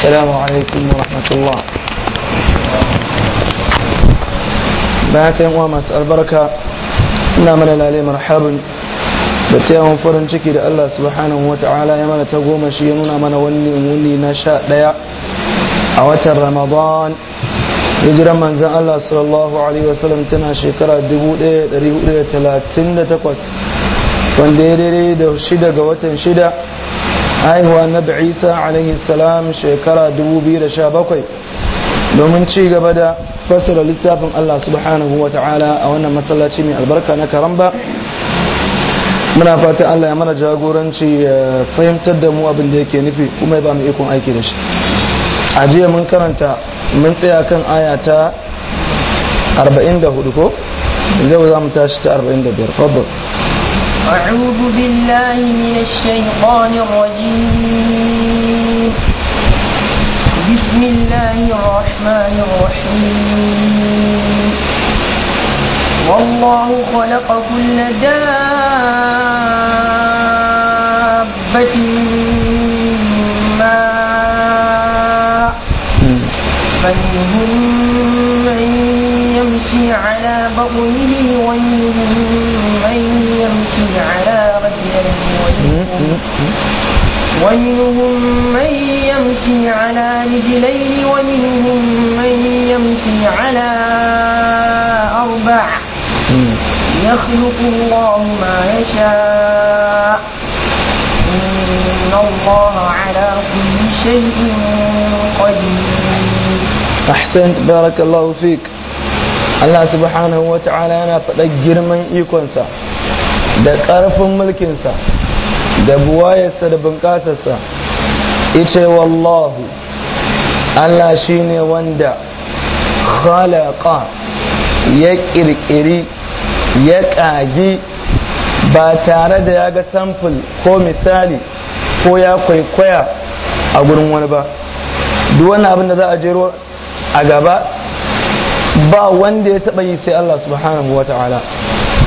السلام rahmatulah. ورحمة الله bayan uwa masu albarka ina mana lalai marhabin da taimakon farin ciki da Allah subhanahu wa ta'ala ya mana ta goma shi ya nuna mana wani wuni na sha ɗaya a watan ramadan hijiran manzan Allah sallallahu alaihi wasallam tana shekara 1438 wanda ya daidai da shida ga watan shida haihuwa na isa alayhi salam shekara 2017 domin ci gaba da fasara littafin allah subhanahu wa ta'ala a wannan masallaci mai albarka na karamba muna fata allah ya mana jagoranci ya fahimtar da mu abin da yake nufi kuma ya ba mu ikon aiki da shi a jiya mun karanta mun tsaya kan aya ta 44 yanzu za mu tashi ta 45 rabbi أعوذ بالله من الشيطان الرجيم بسم الله الرحمن الرحيم والله خلق كل دابة ماء فمنهم من يمشي على بطنه ومنهم ومنهم من يمشي على رجلين ومنهم من يمشي على أربع يخلق الله ما يشاء إن الله على كل شيء قدير أحسنت بارك الله فيك Allah subhanahu wa ta'ala yana faɗa girman ikonsa da ƙarfin mulkinsa da buwayarsa da bunƙasarsa ice wallahu Allah shi ne wanda khalaqa ya ƙirƙiri ya ƙagi ba tare da ya ga samfil ko misali ko ya kwaikwaya a gurin wani ba duk wani abin da za a jero a gaba ba wanda ya taɓa yi sai Allah subhanahu wa ta'ala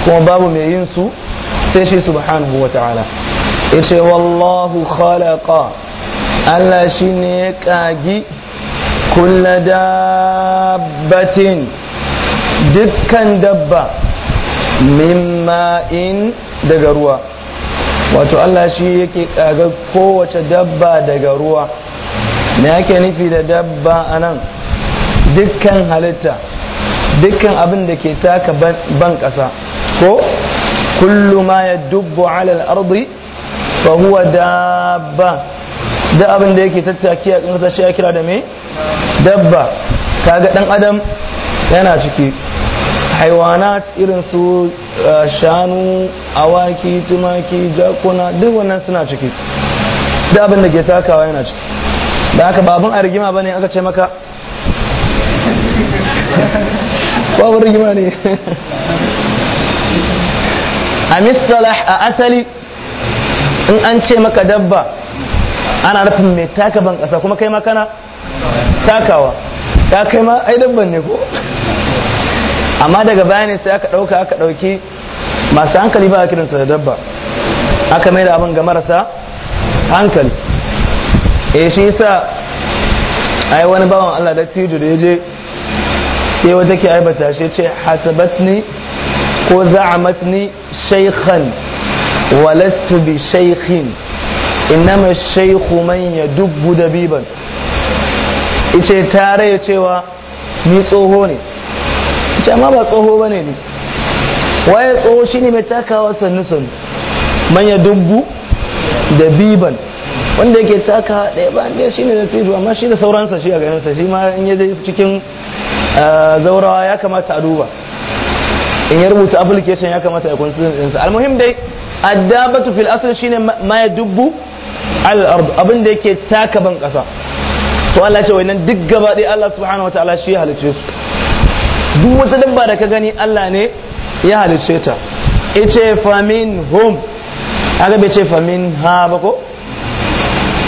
kuma babu mai yin su sai shi subhanahu wa ta'ala yace wallahu khalaqa Allah shi ne ya kagi kula dabbatin dukkan dabba mimma in daga ruwa wato Allah shi yake kaga kowace dabba daga ruwa me yake nufi da dabba anan dukkan halitta dukkan abin da ke taka ban ƙasa ko kullu ma ya ala alal ardi fa huwa dabba da abin da yake tattaki a kansa shi ya kira da me dabba kaga dan adam yana ciki haiwanat irin su uh, shanu awaki tumaki jakuna duk wannan suna ciki da abin da ke takawa yana ciki da haka babin a rigima bane aka ce maka babin rigima ne a mistalah a asali in an ce maka dabba ana nufin mai taka ban kasa kuma kai ma kana takawa ya kai ma ai dabban ne ko amma daga baya ne sai aka ɗauka aka ɗauki masu hankali ba a kiransa da dabba aka mai da abin ga marasa hankali e shi yasa ai wani bawan Allah da tijo da yaje sai wata ke aibata shi ce hasabatni ko za'amatni shaykhan walastu bi shaykhin innama shaykhu man yadubbu dabiban ice tare ya cewa ni tsoho ne ice ma ba tsoho ne ni waye tsoho shine mai takawa sannu sannu man da dabiban wanda yake taka ɗaya ba ɗaya shi ne da amma shi da sauransa shi a ganinsa shi ma in yaje cikin zaurawa ya kamata a duba in ya rubuta application ya kamata ya kunsu ɗinsa almuhim dai addabatu fil asl shine ma ya dubbu al ard abin da yake taka ban kasa to Allah ce wannan duk gaba dai Allah subhanahu wataala shi ya halice su duk wata dabba da ka gani Allah ne ya halice ta yace famin hum aga bai ce famin ha ba ko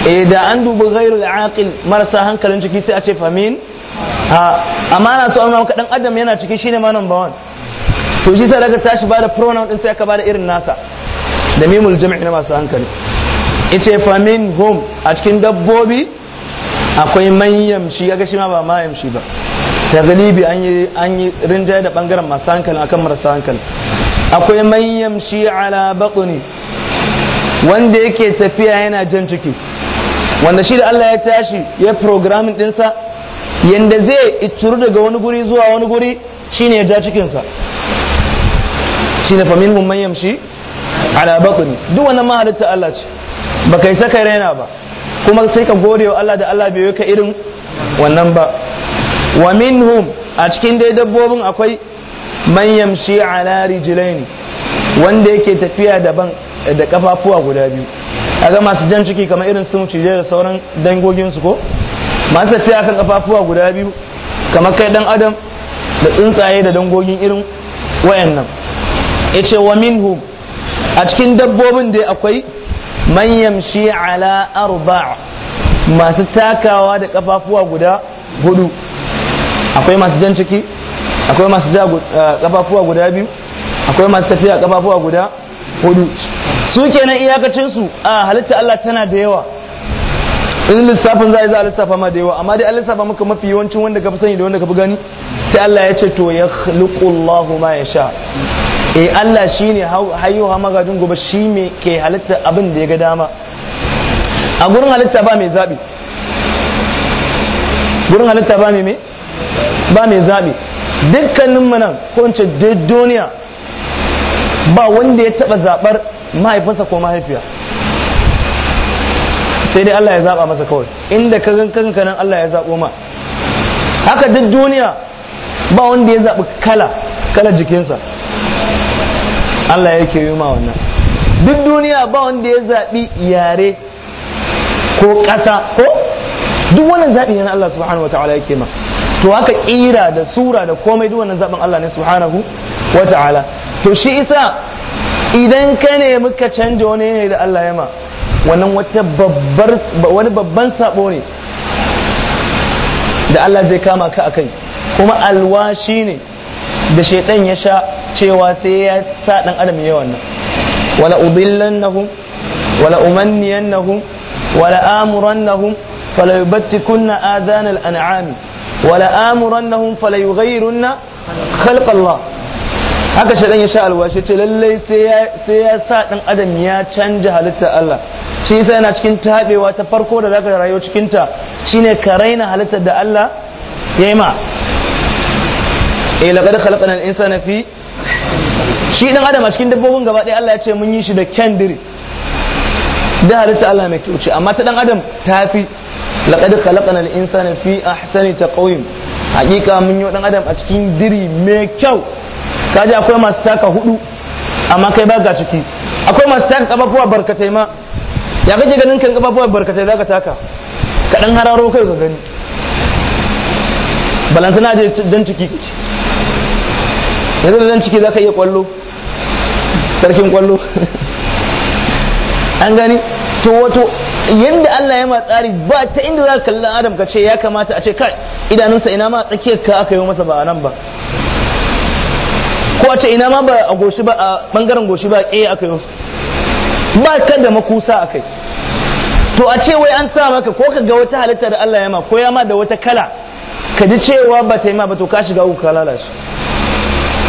idan da an dubi ghairul aqil marasa hankalin ciki sai a ce famin ha amma na so amma dan adam yana ciki shine ma number 1 to shi sai daga tashi ba da pronoun din sai ka da irin nasa da mimul jami'i na masu hankali ce famin home a cikin dabbobi akwai manyan shi gashi ma ba mayan ba ta galibi an yi rinjaye da bangaren masu hankali akan marasa hankali akwai manyan shi ala bakuni wanda yake tafiya yana jan ciki wanda shi da Allah ya tashi ya programin dinsa yanda zai ituru daga wani guri zuwa wani guri shine ya ja cikinsa shine famin hum manyan ala bakuni duk wannan ma halitta Allah ce baka yi saka raina ba kuma sai ka gode wa Allah da Allah bai yi irin wannan ba wa minhum a cikin dai dabbobin akwai man yamshi ala rijlaini wanda yake tafiya daban da kafafuwa guda biyu kaga masu jan ciki kamar irin sun cije da sauran dangogin su ko masu tafiya kan kafafuwa guda biyu kamar kai dan adam da tsuntsaye da dangogin irin wayannan yace wa minhum a cikin dabbobin dai akwai manyan shi ala arba masu takawa da kafafuwa guda hudu akwai masu jan ciki akwai masu ja kafafuwa eh, guda biyu akwai masu tafiya kafafuwa guda hudu su kenan iyakacinsu su a halitta Allah tana da yawa in lissafin za a yi za a lissafa ma da yawa amma dai an lissafa muka mafi yawancin wanda ka fi sani da wanda ka fi gani sai Allah ya ce to ya khluqu Allahu ma yasha eh Allah shi ne Hayuwa magajin gobe shi me ke halitta abin da ya ga dama a gurin halitta ba mai zaɓi gurin halitta ba mai ba mai zaɓi dukkanin manan ko in ce duniya ba wanda ya taɓa zabar mahaifinsa ko mahaifiya sai dai Allah ya zaɓa masa kawai inda ka gan kanka nan Allah ya zaɓo ma haka duk duniya ba wanda ya zaɓi kala kala jikinsa Allah yake yi ma wannan duk duniya ba wanda ya zaɓi yare ko ƙasa ko duk wannan zaɓi yana Allah subhanahu wa ta'ala yake ma to haka ƙira da sura da komai duk wannan zaɓin Allah ne subhanahu wa ta'ala to shi isa idan ka ne muka canja wani ne da Allah ya ma wannan wata babbar wani babban sabo ne da Allah zai kama ka akai kuma alwashi ne da shaidan ya sha cewa sai ya sa dan adam yayi wannan wala udillannahum wala umanniyannahum wala amurannahum fala yubattikunna adhan al-an'ami wala amurannahum fala yughayyirunna khalqa Allah haka shaɗan ya sha alwashi ce lallai sai ya sa ɗan adam ya canja halittar Allah shi yasa yana cikin taɓewa ta farko da zaka rayu cikin ta shine ka raina halittar da Allah ya yi ma eh laqad khalaqna al-insana fi shi dan adam a cikin dabbobin gaba ɗaya Allah ya ce mun yi shi da kyandiri da halitta Allah mai kyau amma ta dan adam ta fi laqad khalaqana al-insana fi ahsani taqwim hakika mun yi dan adam a cikin diri mai kyau kaji akwai masu taka hudu amma kai ba ga ciki akwai masu taka kafafuwa barkatai ma ya kake ganin kan kafafuwa barkatai zaka taka ka dan hararo kai ka gani balantana je dan ciki yanzu da nan ciki za ka iya kwallo sarkin kwallo an gani to wato yadda Allah ya tsari ba ta inda za ka kalli adam ka ce ya kamata a ce kai idanunsa ina ma tsakiyar ka aka yi masa ba a nan ba ko a ce ina ma ba a goshi ba a bangaren goshi ba ke aka yi ba ka da makusa a kai to a ce wai an sa maka ko ka ga wata halitta da Allah ya ma ko ya ma da wata kala ka ji cewa ba ta yi ma ba to ka shiga uku ka lalace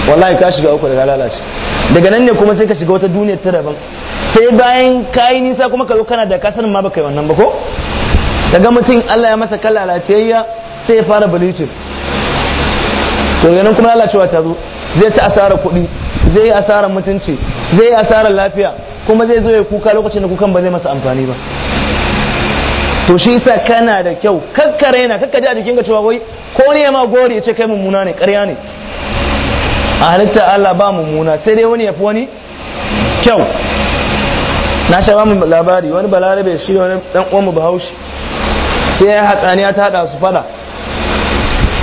wallahi ka shiga uku daga lalace daga nan ne kuma sai ka shiga wata duniyar ta daban sai bayan ka yi nisa kuma ka zo kana da sanin ma baka yi wannan ba ko daga mutum Allah ya masa kala lafiyayya sai ya fara bilicin to ganin kuma lalacewa ta zo zai ta asarar kuɗi zai yi asarar mutunci zai yi lafiya kuma zai zo ya kuka lokacin da kukan ba zai masa amfani ba to shi yasa kana da kyau kakkare na kakkaje a jikinka cewa wai ko ne ma gori ya ce kai mummuna ne ƙarya ne a halitta Allah ba mummuna sai dai wani ya fi wani kyau na sha mu labari wani balarabe shi wani dan mu bahaushe sai ya hatsaniya ta hada su fada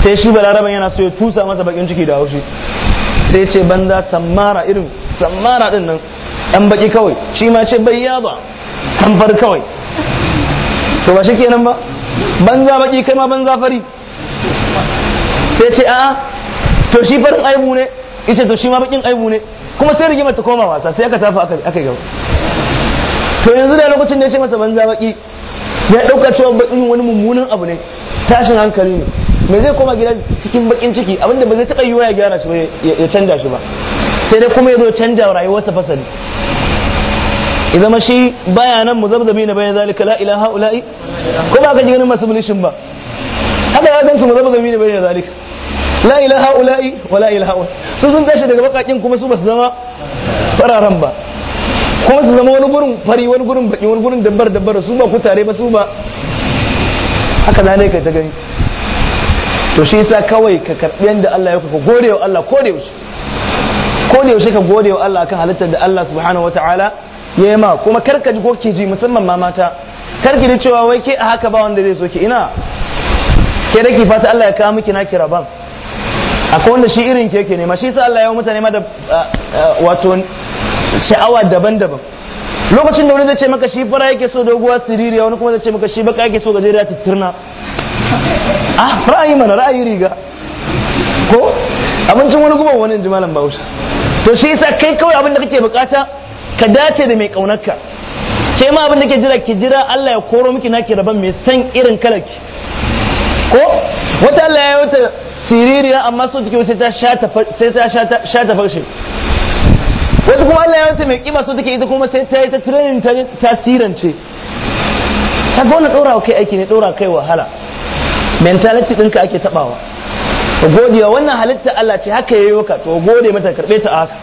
sai shi balaraben yana so ya tusa masa bakin ciki da haushi sai ce banza sammara irin sammara din nan dan baki kawai shi ma ce bai yaba kamfar kawai to ba shi kenan ba banza baki kai ma banza fari sai ce a'a to shi farin aibu ne ita to shi ma bakin aibu ne kuma sai rigimar ta koma wasa sai aka tafi aka aka gaba to yanzu da lokacin da ya ce masa banza baki ya dauka cewa bakin wani mummunan abu ne tashin hankali ne me zai koma gida cikin bakin ciki abinda ba zai taba yiwa ya gyara shi ba ya canja shi ba sai dai kuma ya zo canja rayuwarsa fasali idan ma shi baya nan mu na bayan zalika la ilaha ula'i ko ba ka ji ganin masu bulishin ba haka ya gansu mu zabzabi na bayan zalika la ilaha ula'i wa la ilaha ula su sun tashi daga bakakin kuma su basu zama fararen ba kuma su zama wani gurin fari wani gurin baki wani gurin dabbar dabbar su ba ku tare ba su ba haka za ne kai ta gani to shi yasa kawai ka karbi yanda Allah ya kuka gode wa Allah ko da yaushe ko da yaushe ka gode wa Allah akan halittar da Allah subhanahu wataala ya yi ma kuma karka ji ko ke ji musamman ma mata karki da cewa wai ke a haka ba wanda zai so ke ina ke da ke fata Allah ya kawo miki na kira ban akwai wanda shi irin ke ne nema shi sa Allah ya mutane ma da wato sha'awa daban-daban lokacin da wani zai ce maka shi fara yake so doguwa siririya wani kuma zai ce maka shi baka yake so gajeriya tattirna a ah, ra'ayi mana ra'ayi riga ko abincin wani guban wani ji malam bahaushe to shi sa kai kawai abin da kake bukata ka dace da mai kaunarka ke ma abin da ke jira ki jira Allah ya koro miki naki rabon mai san irin kalarki ko wata Allah ya yi wata siririya amma sun take sai ta sha ta farshe wata kuma Allah ya wata mai kima sun take ita kuma sai ta yi ta training tasirance ta gona ɗora kai aiki ne ɗora kai wahala mentality ɗinka ake tabawa ka gode wa wannan halitta Allah ce haka ya yayi maka to gode mata karbe ta haka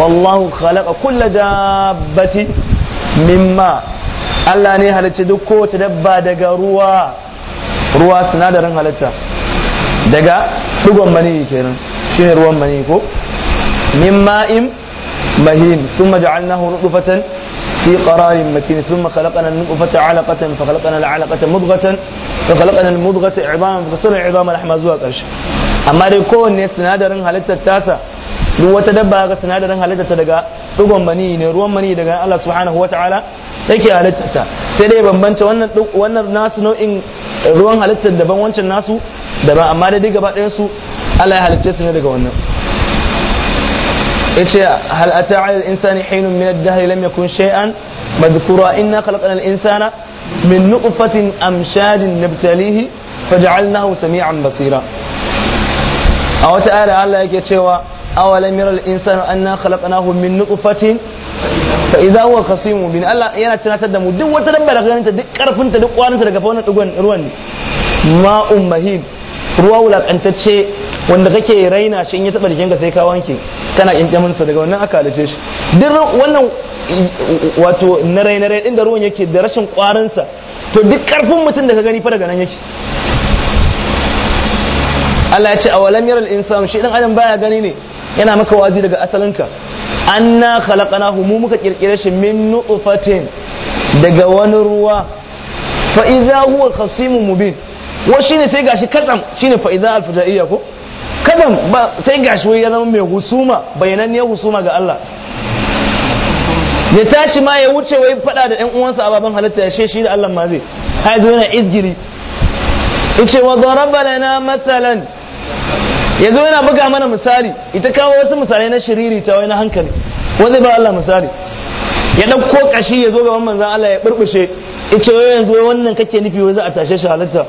wallahu khalaqa kulla dabbati mimma Allah ne halicci duk kowace dabba daga ruwa ruwa sinadarin halitta daga tugon maniyi kenan shine ruwan maniyi ko min ma'im mahin thumma ja'alnahu nutfatan fi qararin makin thumma khalaqna an-nutfata 'alaqatan fa khalaqna al-'alaqata mudghatan fa khalaqna al-mudghata 'idaman fa kasana 'idama al-ahma zuwa karshe amma dai kowanne sinadarin halittar tasa duk wata dabba ga sinadarin halittar ta daga tugon maniyi ne ruwan maniyi daga Allah subhanahu wa ta'ala yake halitta sai dai bambanta wannan wannan nasu nau'in ruwan halittar daban wancan nasu daban amma dai gaba ɗayan su Allah ya halicce su ne daga wannan yace hal ata insani hinun min ad-dahr lam yakun shay'an madhkura inna khalaqna al insana min nutfatin amshadin nabtalihi faj'alnahu sami'an basira a wata ayar Allah yake cewa awalam yaral insanu anna khalaqnahu min nutfatin fa idza huwa khasimun mubin Allah yana tunatar da mu duk wata dabba da ganin ta duk karfin ta duk kwanin ta daga fa wannan dugon ruwan ma ummahin ruwa wulakantacce wanda kake raina shi in ya taba jikinka sai ka wanke kana kyankyamin sa daga wannan aka halice shi duk wannan wato na rai na rai din da ruwan yake da rashin kwarin sa to duk karfin mutum da ka gani fa daga nan yake Allah ya ce awalam yaral insanu shi dan adam baya gani ne yana maka wazi daga asalinka anna khalaqnahu mu muka kirkire shi min nutfatin daga wani ruwa fa idza huwa khasimun mubin wa shine sai gashi kadam shine fa idza alfajaiya ko kadam ba sai gashi wai ya zama mai husuma bayananniyar husuma ga Allah ya tashi ma ya wuce wai fada da ɗan uwansa a baban halitta ya shi da Allah ma zai hai yana izgiri yace wa daraba lana matsalan. yanzu yana buga mana misali ita kawo wasu misalai na shiriri ta wani hankali wani ba Allah misali ya ɗauko kashi ya zo gaban manzan Allah ya burbushe ita yau yanzu wannan kake nufi wai za a tashe shi halitta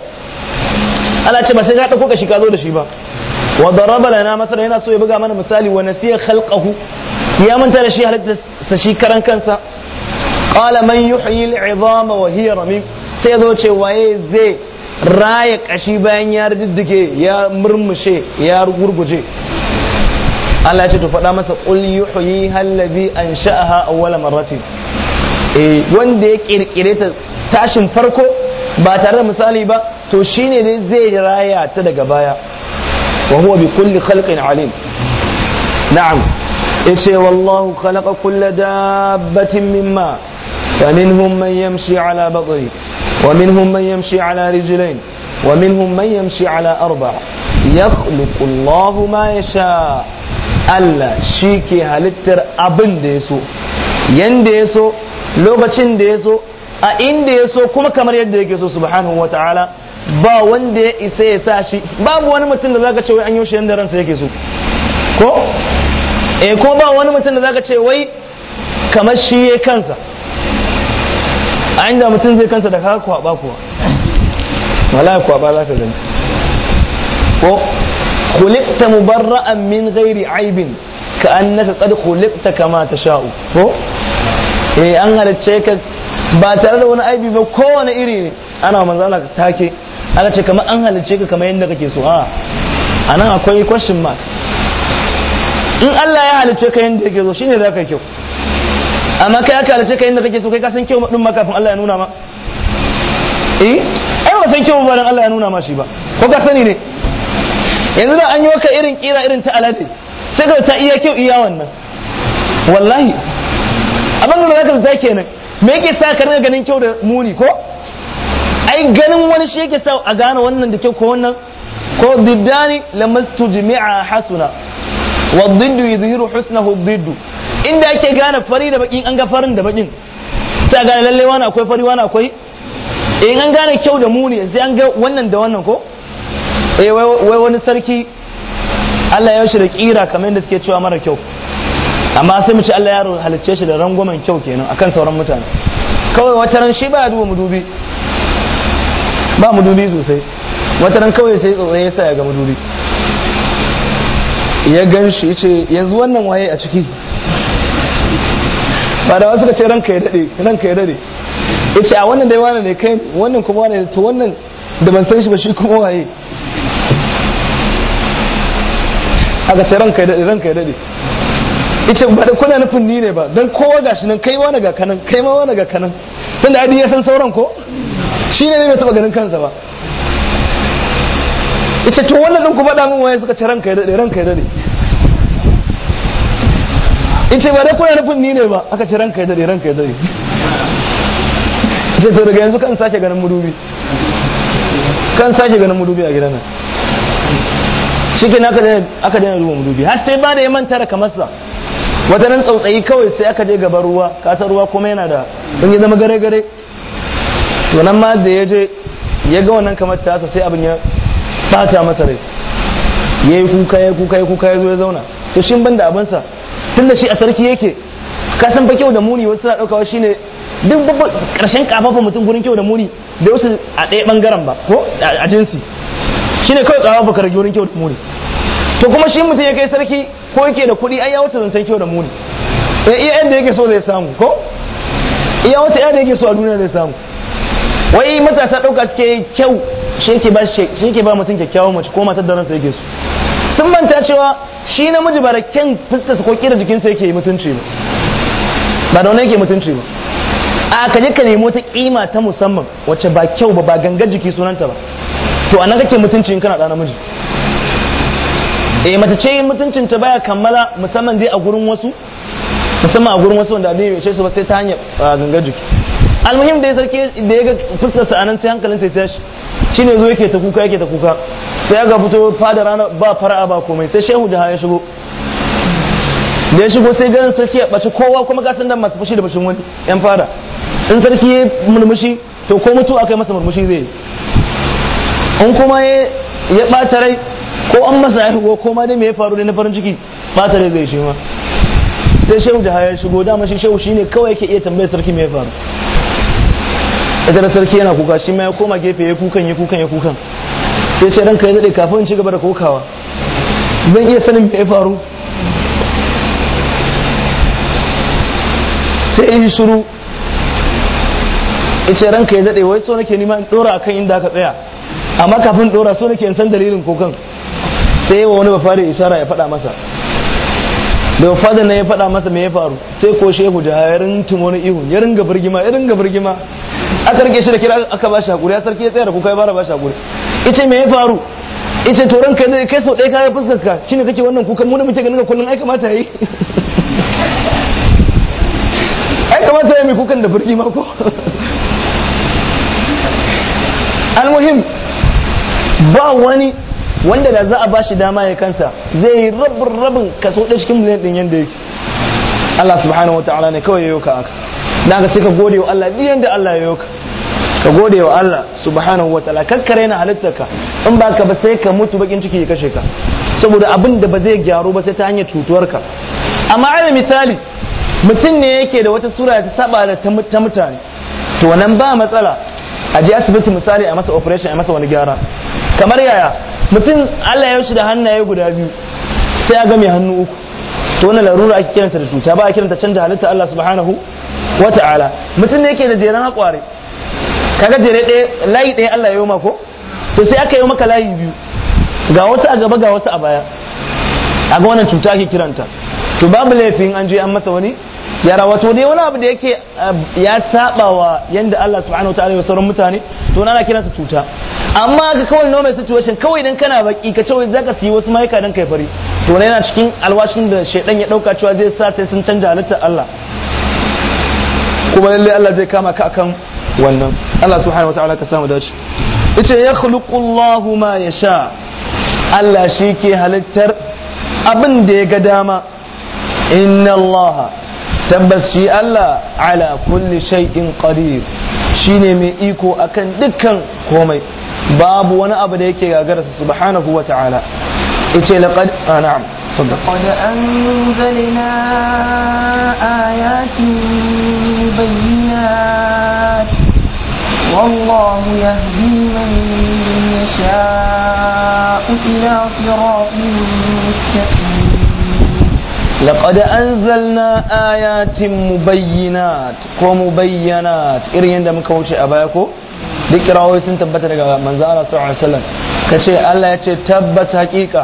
Allah ce ba sai ka ɗauko kashi ka zo da shi ba wa daraba lana masala yana so ya buga mana misali wa nasiya khalqahu ya manta da shi halitta shi karan kansa qala man yuhyi al-'idama wa hiya ramim sai zo ce waye zai raya kashi bayan ya riddige ya murmushe ya gurguje Allah ce to faɗa masa qul yuhyi an ansha'aha a marratin eh wanda ya ƙirƙire ta tashin farko ba tare da misali ba to shine ne zai raya ta daga baya wa huwa bi kulli khalqin alim na'am yace wallahu khalaqa kulla dabbatin mimma فمنهم من يمشي على بطنه ومنهم من يمشي على رجلين ومنهم من يمشي على أربع يخلق الله ما يشاء Allah shi ke halittar abin da ya so yanda ya lokacin da ya a inda ya so kuma kamar yadda yake so subhanahu wataala ba wanda ya isa shi babu wani mutum da zaka ce wai an yi shi yanda ransa yake so ko ko ba wani mutum da zaka ce wai kamar shi ya kansa a inda mutum zai kansa da kawai kwaba kuwa wala kwaba za ka gani ko khuliqta mubarra'an min gairi aibin ka annaka tsar kulikta kama sha'u ko eh an halicce ka ba tare da wani aibi ba kowane iri ne ana manzo Allah ka take ana ce kamar an halicce ka kamar yadda kake so a anan akwai question mark in Allah ya halicce ka yadda kake so shine zaka kyau amma kai aka halarci ka inda kake so kai ka san kyau din ma kafin Allah ya nuna ma eh ai ba san kyau ba dan Allah ya nuna ma shi ba ko ka sani ne yanzu da an yi maka irin kira irin ta alade sai ka ta iya kyau iya wannan wallahi abin da zaka ta kenan me yake sa ka rinka ganin kyau da muni ko ai ganin wani shi yake sa a gane wannan da kyau ko wannan ko diddani lamastu jami'a hasuna wadiddu yuzhiru husnahu didu inda ake gane fari da bakin an ga farin da bakin sai gane lalle wani akwai fari wani akwai in an gane kyau da muni sai an ga wannan da wannan ko eh wai wani sarki Allah ya shi da kira kamar yadda suke cewa mara kyau amma sai mu ci Allah ya halicce shi da rangwamen kyau kenan akan sauran mutane kawai wata ran shi ba duba mu dubi ba mu dubi sosai wata ran kawai sai tsotsaye ya sa ya ga mu dubi ya gan shi ce yanzu wannan waye a ciki ba da wasu ka ce ranka ya dade ranka ya dade ya ce a wannan dai wane ne kai wannan kuma wane to wannan da ban san shi ba shi kuma waye aka ce ranka ya dade ranka ya dade ya ce ba da kuna nufin ni ne ba don kowa ga shi nan kai wani ga kanan kai ma wani ga kanan tun da ya san sauran ko shi ne bai taɓa ganin kansa ba ita to wannan din ku faɗa min waye suka ce ranka ya dade ranka ya dade in ce ba dai kuna nufin ni ne ba aka ce ranka ya dade ranka ya dade ce to daga yanzu kan sake ganin mudubi kan sake ganin mudubi a gidan nan cikin aka daina duba mudubi har sai ba da ya manta da kamarsa wata nan tsautsayi kawai sai aka je gaba ruwa kasar ruwa kuma yana da in ya zama gare gare to nan ma da ya je ya ga wannan kamar tasa sai abin ya Fata masa rai ya yi kuka ya kuka ya kuka ya zo ya zauna to shin ban da abinsa tunda shi a sarki yake ka san fa kyau da muni wasu suna ɗaukawa shine duk babba ƙarshen kafafa mutum gurin kyau da muni da wasu a ɗaya ɓangaren ba ko a jinsi shine kawai kafafa ka rage gurin kyau da muni to kuma shi mutum ya kai sarki ko yake da kuɗi ai ya wuce zancen kyau da muni eh, iya yadda yake so zai samu ko iya wata yadda yake so a duniya zai samu wai matasa ɗauka suke kyau shi yake ba mutum kyakkyawan mace ko matar da ransa yake su sun manta cewa shi namiji ba da kyan fuskarsa ko kira jikinsa yake mutunci ba ba da wani yake mutunci ba a ka je ka nemo ta kima ta musamman wacce ba kyau ba ba gangar jiki sunanta ba to anan kake mutunci in kana da namiji eh mace ce mutuncin ta baya kammala musamman dai a gurin wasu musamman a gurin wasu wanda abin ya su ba sai ta hanyar gangar jiki almuhim da ya sarki da ya ga fuskarsa a nan sai hankalin sai tashi shine zo yake ta kuka yake ta kuka sai ga fito fada rana ba fara'a ba komai sai shehu da ya shigo da ya shigo sai ganin sarki ya ɓace kowa kuma ga sandan masu fushi da bashin wani yan fada in sarki ya murmushi to ko mutu aka yi masa murmushi zai yi in kuma ya ɓata rai ko an masa shigo ko ma dai me ya faru ne na farin ciki ɓata rai zai shi ma sai shehu da haya shigo dama shi shehu shine kawai yake iya tambayar sarki me ya faru ita da sarki yana kuka shi ma ya koma gefe ya kukan ya kukan ya kukan sai ce ranka ya daɗe kafin ci gaba da kokawa zan iya sanin me ya faru sai in shiru ita ranka ya daɗe wai so nake nima in ɗora akan inda aka tsaya amma kafin ɗora so nake in san dalilin kokan sai yawa wani bafari isara ya faɗa masa da wafadar na ya faɗa masa me ya faru sai ko shehu da ya rinta wani ihu ya ringa birgima ya ringa birgima a rike shi da kira aka ba shi hakuri ya sarki ya tsaya da kuka ya bara ba shi hakuri ice me ya faru ice to ranka ne kai sau ɗaya kayan fuskar ka shine kake wannan kukan mu muke ganin kullum ai kamata yi ai kamata yi mai kukan da furki mako almuhim ba wani wanda da za a bashi dama ya kansa zai yi rabin rabin kaso ɗaya cikin miliyan ɗin yadda yake Allah subhanahu wa ta'ala ne kawai ya yau ka haka ka sai ka gode wa Allah biyan yanda Allah ya yi ka ka gode wa Allah subhanahu wa ta'ala kakkare na halittarka in ba ka ba sai ka mutu bakin ciki ya kashe ka saboda abin da ba zai gyaru ba sai ta hanyar cutuwarka amma ala misali mutum ne yake da wata sura ta saba da ta mutane to nan ba matsala a je asibiti misali a masa operation a masa wani gyara kamar yaya mutum Allah ya shi da hannaye guda biyu sai ya ga mai hannu uku to wannan larura ake kiranta da cuta ba a kiranta canja halitta Allah subhanahu wa ta'ala mutum ne yake da jeren hakware kaga jere ɗaya layi ɗaya Allah ya yi mako to sai aka yi maka layi biyu ga wasu a gaba ga wasu a baya a ga wannan cuta ake kiranta to babu laifin an je an masa wani yara wato dai wani abu da yake eh, ya saba wa yanda Allah subhanahu wataala ya sauran mutane to na kiransa cuta amma ga kawai normal situation kawai idan kana baki ka cewa zaka siyi wasu mayuka dan kai fari to yana cikin alwashin da shaidan ya dauka cewa zai sa sai sun canja halittar Allah kuma lalle Allah zai kama ka akan wannan Allah subhanahu wataala ka samu dace yace ya khuluqullahu ma yasha Allah shi ke halittar abin da ya ga dama inna Allah tabbas shi Allah ala kulli shay'in qadir shine mai iko akan dukkan komai babu wani abu da yake gagararsa subhanahu wataala yace laqad na'am والله يهدي من يشاء إلى صراط مستقيم لقد أنزلنا آيات مبينات ومبينات إريان دم كوشي أبايكو duk kirawoyi sun tabbata daga manzara sallallahu alaihi wasallam Allah ya ce tabbas hakika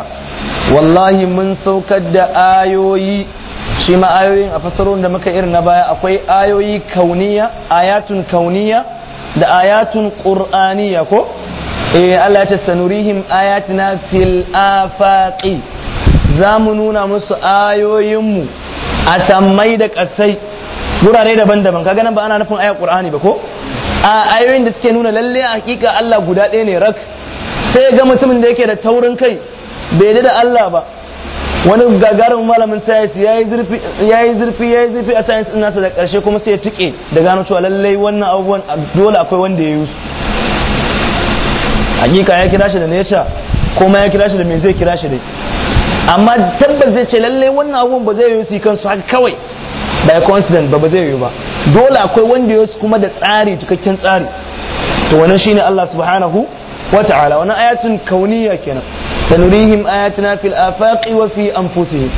wallahi mun saukar da ayoyi shi ma ayoyin a fasarorin da muka irin na baya akwai ayoyi kauniya ayatun kauniya da ayatun qur'aniya ko eh Allah ya ce sanurihim ayatina fil afaqi za mu nuna musu ayoyinmu a sammai da kasai wurare daban-daban kaga nan ba ana nufin ayat qur'ani ba ko a ayoyin da suke nuna lalle hakika Allah guda ɗaya ne rak sai ga mutumin da yake da taurin kai bai da Allah ba wani gagarin malamin science ya yi zurfi ya yi zurfi a science nasa da karshe kuma sai ya tike da gano cewa lallai wannan abubuwan dole akwai wanda ya yi su hakika ya kira shi da nature kuma ya kira shi da me zai kira shi dai. amma tabbas zai ce lallai wannan abubuwan ba zai yi su kansu haka kawai by coincidence ba ba zai yi ba dole akwai wanda ya yi su kuma da tsari cikakken tsari to wannan shine Allah subhanahu wa ta'ala wannan ayatun kauniya kenan sanurihim ayatina fil afaqi wa fi anfusihim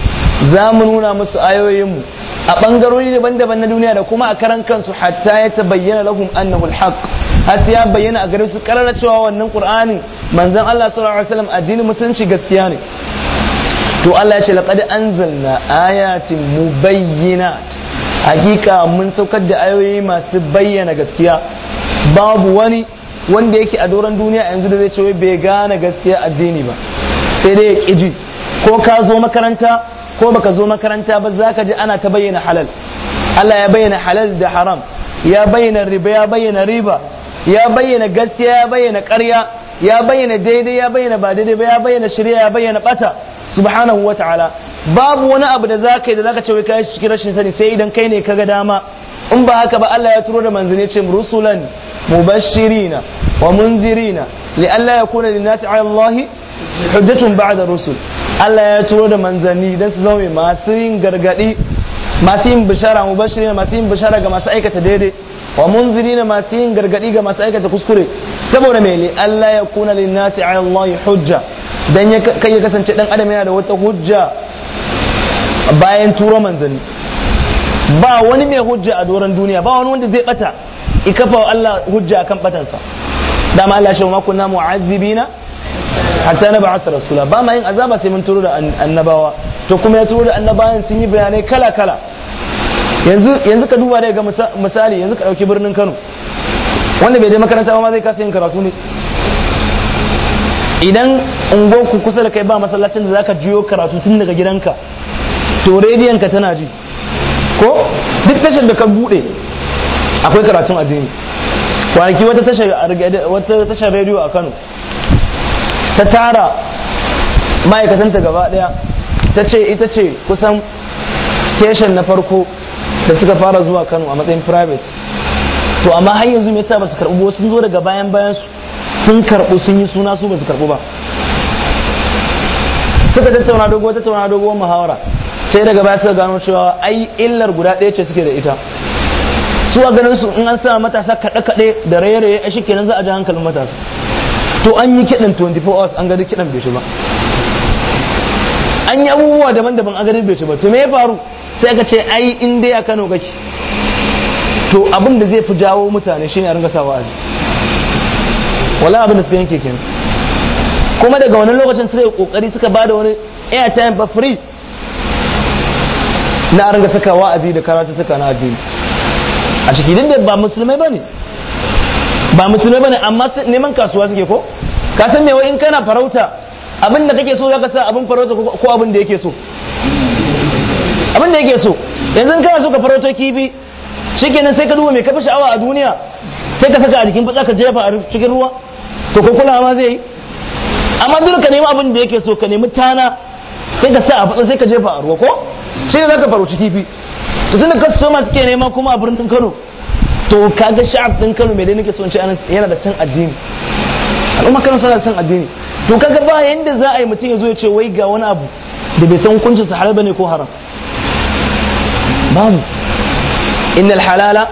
za mu nuna musu ayoyinmu a bangarori daban-daban na duniya da kuma a karan kansu hatta ya tabayyana lahum annahu alhaq har ya bayyana a gare su karara cewa wannan qur'ani manzon Allah sallallahu alaihi wasallam addinin musulunci gaskiya ne to Allah ya ce laqad anzalna ayatin mubayyinat hakika mun saukar da ayoyi masu bayyana gaskiya babu wani wanda yake a doron duniya yanzu da zai ce bai gane gaskiya addini ba sai dai ya ƙiji ko ka zo makaranta ko baka zo makaranta ba za ka ji ana ta bayyana halal Allah ya bayyana halal da haram ya bayyana riba ya bayyana riba ya bayyana gaskiya ya bayyana ƙarya ya bayyana daidai ya bayyana ba daidai ba ya bayyana shirya ya bayyana bata subhanahu wa ta'ala babu wani abu da zaka yi da zaka ce wai kai cikin rashin sani sai idan kai ne ka ga dama in ba haka ba Allah ya turo da manzanni ce rusulan mubashirina wa munzirina li Allah ya kuna linnasi ala Allah hujjatun ba'da rusul Allah ya turo da manzanni dan su zama masu yin gargadi masu yin bishara mubashirina masu yin bishara ga masu aikata daidai wa munzirina masu yin gargadi ga masu aikata kuskure saboda me li Allah ya kuna linnasi ala Allah hujja dan kai ya kasance dan adam yana da wata hujja bayan turo manzanni ba wani mai hujja a doron duniya ba wani wanda zai bata i wa Allah hujja akan batansa dama Allah shi ma kunna mu'azzibina hatta na ba'atha rasula ba ma yin azaba sai mun turo da annabawa to kuma ya turo da annabawan sun yi bayanai kala kala yanzu yanzu ka duba ga misali yanzu ka dauki birnin Kano wanda bai je makaranta ba ma zai kasa yin karatu ne idan ungo ku kusa da kai ba masallacin da zaka jiyo karatu tun daga gidanka to rediyon ka tana ji ko duk tashar da kan bude akwai karatun addini kwanaki wata tashar wata tashar rediyo a Kano ta tara ma'aikatanta gaba daya ta ce ita ce kusan station na farko da suka fara zuwa Kano a matsayin private to amma har yanzu me yasa ba su karbu sun zo daga bayan bayan su sun karbu sun yi suna su ba su karbu ba suka tattauna dogo tattauna dogo muhawara sai daga baya suka gano cewa ai illar guda ɗaya ce suke da ita su a ganin su in an sa matasa kaɗe-kaɗe da raye-raye a nan za a ji hankalin matasa to an yi kiɗan 24 hours an gani kiɗan bai ci ba an yi abubuwa daban-daban an gani bai ci ba to me ya faru sai ka ce ai in dai a Kano gaki to abin da zai fi jawo mutane shine a ringa sa wa'azi wala abin da suka yanke kenan kuma daga wani lokacin suka yi kokari suka bada wani airtime ba free na an ringa saka wa'azi da karatu suka na addini a ciki din da ba musulmai bane ba musulmai bane amma neman kasuwa suke ko ka san mewa in kana farauta abin da kake so zaka sa abin farauta ko abin da yake so abin da yake so yanzu kana so ka farauto kifi nan sai ka duba mai kafi sha'awa a duniya sai ka saka a jikin fitsa ka jefa a cikin ruwa to ko kula ma zai yi amma duka ka nemi abin da yake so ka nemi tana sai ka sa a fitsa sai ka jefa a ruwa ko sai za ka farauci kifi to da customer suke nema kuma a birnin Kano to kaga sha'ab din Kano mai dai nake son in yana da san addini al'umma Kano suna da san addini to ka ga ba yanda za a yi mutum ya zo ya ce wai ga wani abu da bai san hukuncin sa halal bane ko haram babu innal halala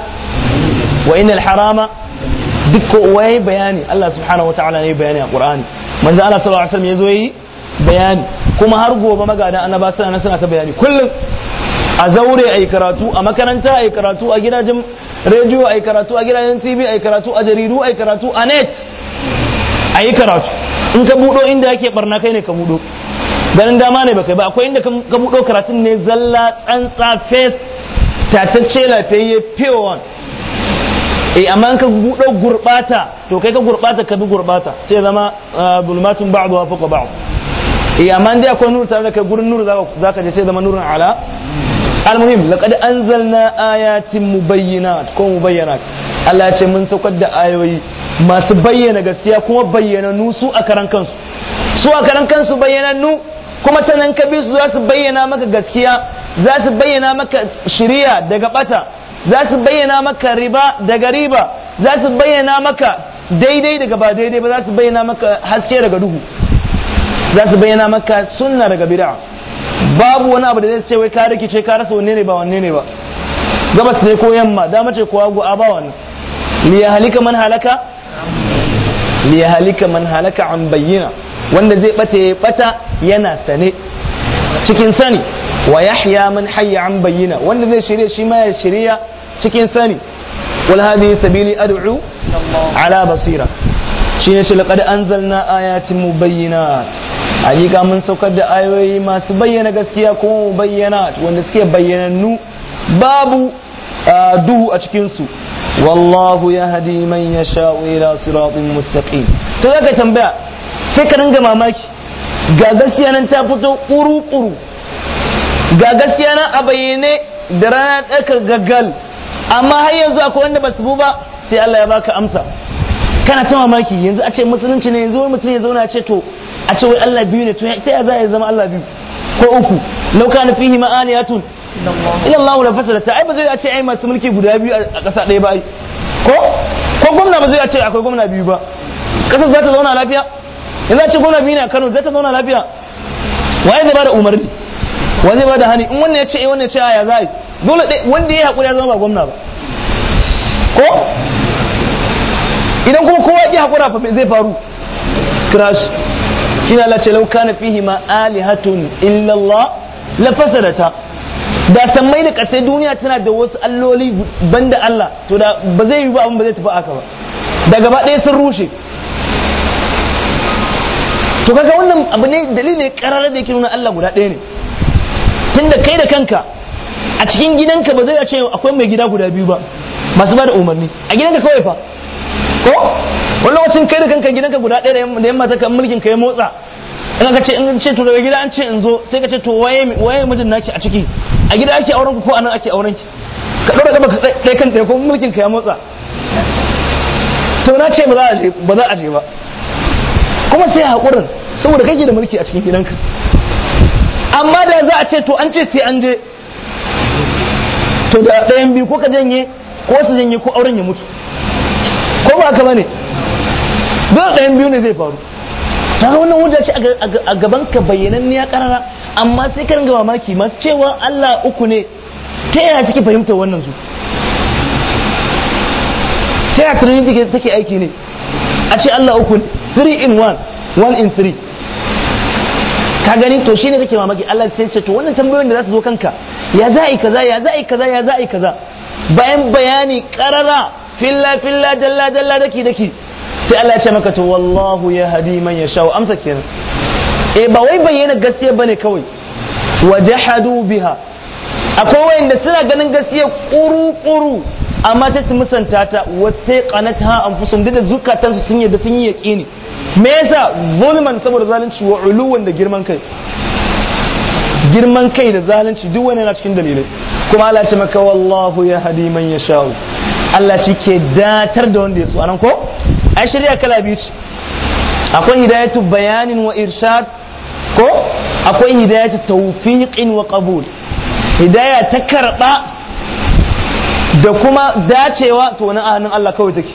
wa innal harama duk ko waye bayani Allah subhanahu wataala ne bayani a Qur'ani manzo Allah sallallahu alaihi wasallam ya zo yi bayani kuma har gobe magadan ba suna suna ta bayani kullum a zaure a yi karatu a makaranta a yi karatu a gidajen rediyo a yi karatu a gidajen tv a yi karatu a jaridu a yi karatu a net a yi karatu in ka buɗo inda yake barna kai ne ka buɗo ganin dama ne baka ba akwai inda ka buɗo karatun ne zalla tsantsa face tatacce lafiyayye pure one eh amma ka buɗo gurɓata to kai ka gurɓata ka bi gurɓata sai zama bulmatun ah, ba'du wa faqa ba'du eh amma dai akwai nuru tare da kai gurin nuru zaka je sai zama nurin ala almuhim laqad anzalna ayatin mubayyinat ko mubayyinat Allah ya ce mun saukar da ayoyi masu bayyana gaskiya kuma bayyananu su a karan kansu su a karan kansu bayyananu kuma sanan ka bi su za su bayyana maka gaskiya za su bayyana maka shiriya daga bata za su bayyana maka riba daga riba za su bayyana maka daidai daga ba daidai ba za su bayyana maka haske daga duhu za su bayyana maka sunna daga bid'a babu wani abu da zai ce wai ka rikice ka rasa wanne ne ba wanne ne ba gabas ne ko yamma dama ce ko hagu a ba wannan li halika man halaka li halika man halaka an bayyana wanda zai bata ya bata yana sane cikin sani wa yahya man hayya an bayyana wanda zai shirya shi ma ya shirya cikin sani wal sabili ad'u ala basira shi ne shi laqad anzalna ayatin a hakika mun saukar da ayoyi masu bayyana gaskiya kuma bayyana wanda suke bayyanannu babu duhu a cikinsu wallahu wallahu hadi man yasha'u ila siratin mustaqim to zaka tambaya sai ka ringa mamaki ga gaskiya nan ta fito kuru-kuru ga gaskiya nan a bayyane da rana tsakar gaggal amma har yanzu akwai wanda ba su bu ba sai Allah ya baka amsa kana ta mamaki yanzu a ce musulunci ne yanzu wani mutum ya zauna ce to a ce wai Allah biyu ne to sai ya za yi zama Allah biyu ko uku lauka na fihi tun ila Allah da fasalata ai ba zai a ce ai masu mulki guda biyu a ƙasa ɗaya ba ko ko gwamna ba zai a ce akwai gwamna biyu ba ƙasar za ta zauna lafiya yanzu a ce gwamna biyu ne a Kano za ta zauna lafiya wa zai da umarni wa zai ba da hani in wannan ya ce ai eh, wannan ya ce aya za yi dole wanda ya haƙuri ya zama ba gwamna ba ko idan kuma kowa ya hakura fa zai faru crash shi na lace lau kana fihi ma alihatun allah la fasadata da mai da kasai duniya tana da wasu alloli banda Allah to da ba zai yi ba abin ba zai tafi aka ba da gaba ɗaya sun rushe to kaga wannan abu ne dalili ne karara da yake nuna Allah guda ɗaya ne tunda kai da kanka a cikin gidanka ba zai ya ce akwai mai gida guda biyu ba masu ba da umarni a gidanka kawai fa ko wani lokacin kai da kanka gidanka guda ɗaya da yamma ta kan mulkin ka ya motsa in ka ce in ce to daga gida an ce in zo sai ka ce to waye waye mijin naki a ciki a gida ake auren ku ko anan ake auren ki ka dora gaba ka ɗaya kan ɗaya ko mulkin ka ya motsa to na ce ba za a je ba za a je ba kuma sai hakurin saboda kake da mulki a cikin gidanka amma da za a ce to an ce sai an je to da ɗayan biyu ko ka janye ko su janye ko auren ya mutu ko ba haka bane dole ɗayan biyu ne zai faru ta ga wannan hujja ce a gaban ka bayyanan ya karara amma sai ka ringa mamaki masu cewa Allah uku ne ta yaya suke fahimtar wannan su ta yaya trinity take aiki ne a ce Allah uku ne 3 in 1 1 in 3 ka gani to shine kake mamaki Allah sai ce to wannan tambayoyin da za su zo kanka ya za'i kaza ya za'i kaza ya za'i kaza bayan bayani karara filla filla dalla dalla daki daki sai Allah ya ce maka to wallahu ya hadi man ya sha'u amsa kenan eh ba wai bayyana gaskiya bane kawai wajhadu biha akwai wayanda suna ganin gaskiya kuru kuru amma ta su musanta ta wasai qanata ha anfusum da zukatansu sun yadda sun yi yaqini me yasa zulman saboda zalunci wa uluwan da girman kai girman kai da zalunci duk wani yana cikin dalilai kuma Allah ya ce maka wallahu ya hadi man yasha Allah shi ke datar da wanda ya so anan ko ai shari'a kala biyu ce akwai hidayatu bayanin wa irshad ko akwai hidayatu tawfiqin wa qabul hidaya ta karba da kuma dacewa to na ahanin Allah kawai take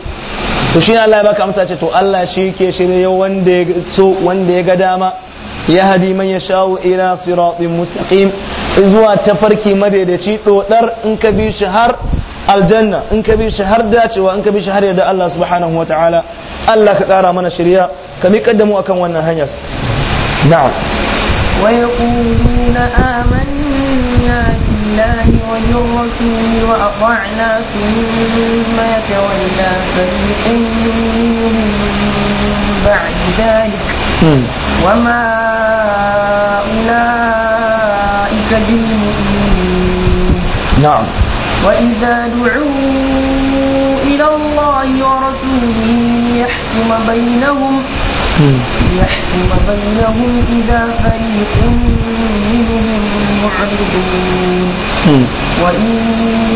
to shi Allah ya baka amsa ce to Allah shi ke shirye wanda ya so wanda ya ga dama ya hadi man ya shawo ila siratin mustaqim zuwa tafarki madaidaici dodar in ka bi shi har aljanna in ka bi shi har dacewa in ka bi shi har yadda Allah subhanahu wa ta'ala Allah ka kara mana shirya ka miƙa da akan wannan hanyar na'am wa yaquluna amanna billahi wa bil rasul wa ata'na thumma yatawalla fariqun ba'd dhalik وما أولئك بالمؤمنين نعم وإذا دعوا إلى الله ورسوله ليحكم بينهم ليحكم بينهم إذا فريق منهم معرضون وإن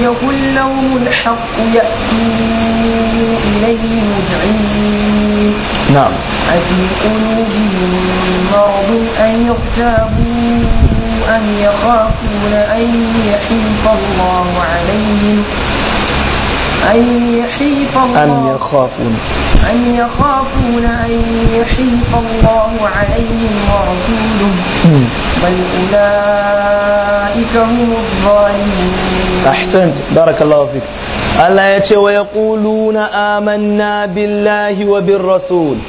يكن لهم الحق يأتوا إليه مذعنين نعم أفي قلوبهم مرض أن يغتابون أم يخافون أن يحيط الله عليهم أن يحيط الله أم يخافون أم يخافون أن يحيط الله عليهم ورسوله بل أولئك هم الظالمون أحسنت بارك الله فيك Allah ya ce wa ya na amanna billahi wa bin rasul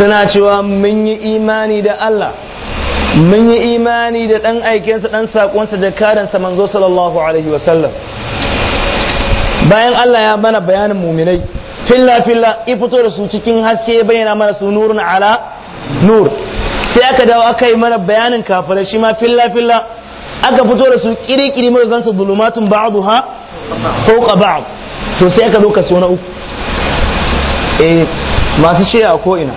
suna cewa mun yi imani da Allah mun yi imani da ɗan aikinsa ɗan saƙonsa da karansa manzo sallallahu alaihi wasallam bayan Allah ya mana bayanin muminai filla filla i fito da su cikin haske bayyana mana su nurun ala nur sai aka dawo aka yi mana bayanin kafirai shi ma filla filla aka fito da su kiri-kiri muka gansu zulumatun ha fawqa ba'd to sai aka zo kaso na uku eh masu shiya ko ina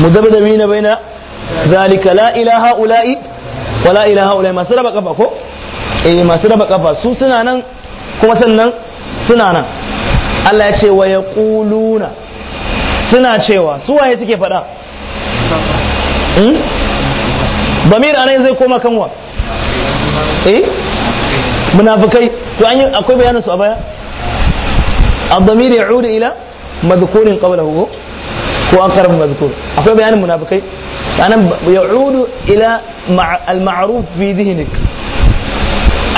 mudabdabina baina zalika la ilaha ula'i wa la ilaha ula'i masu raba kafa ko eh masu raba kafa su suna nan kuma sannan suna nan Allah ya ce wa yaquluna suna cewa su waye suke faɗa hmm? bamir anan zai koma kanwa eh munafikai to an yi akwai bayanin su a baya الضمير ila إلى مذكور ko an أقرب مذكور akwai bayanin munafukai? anan يعود ila al في ذهنك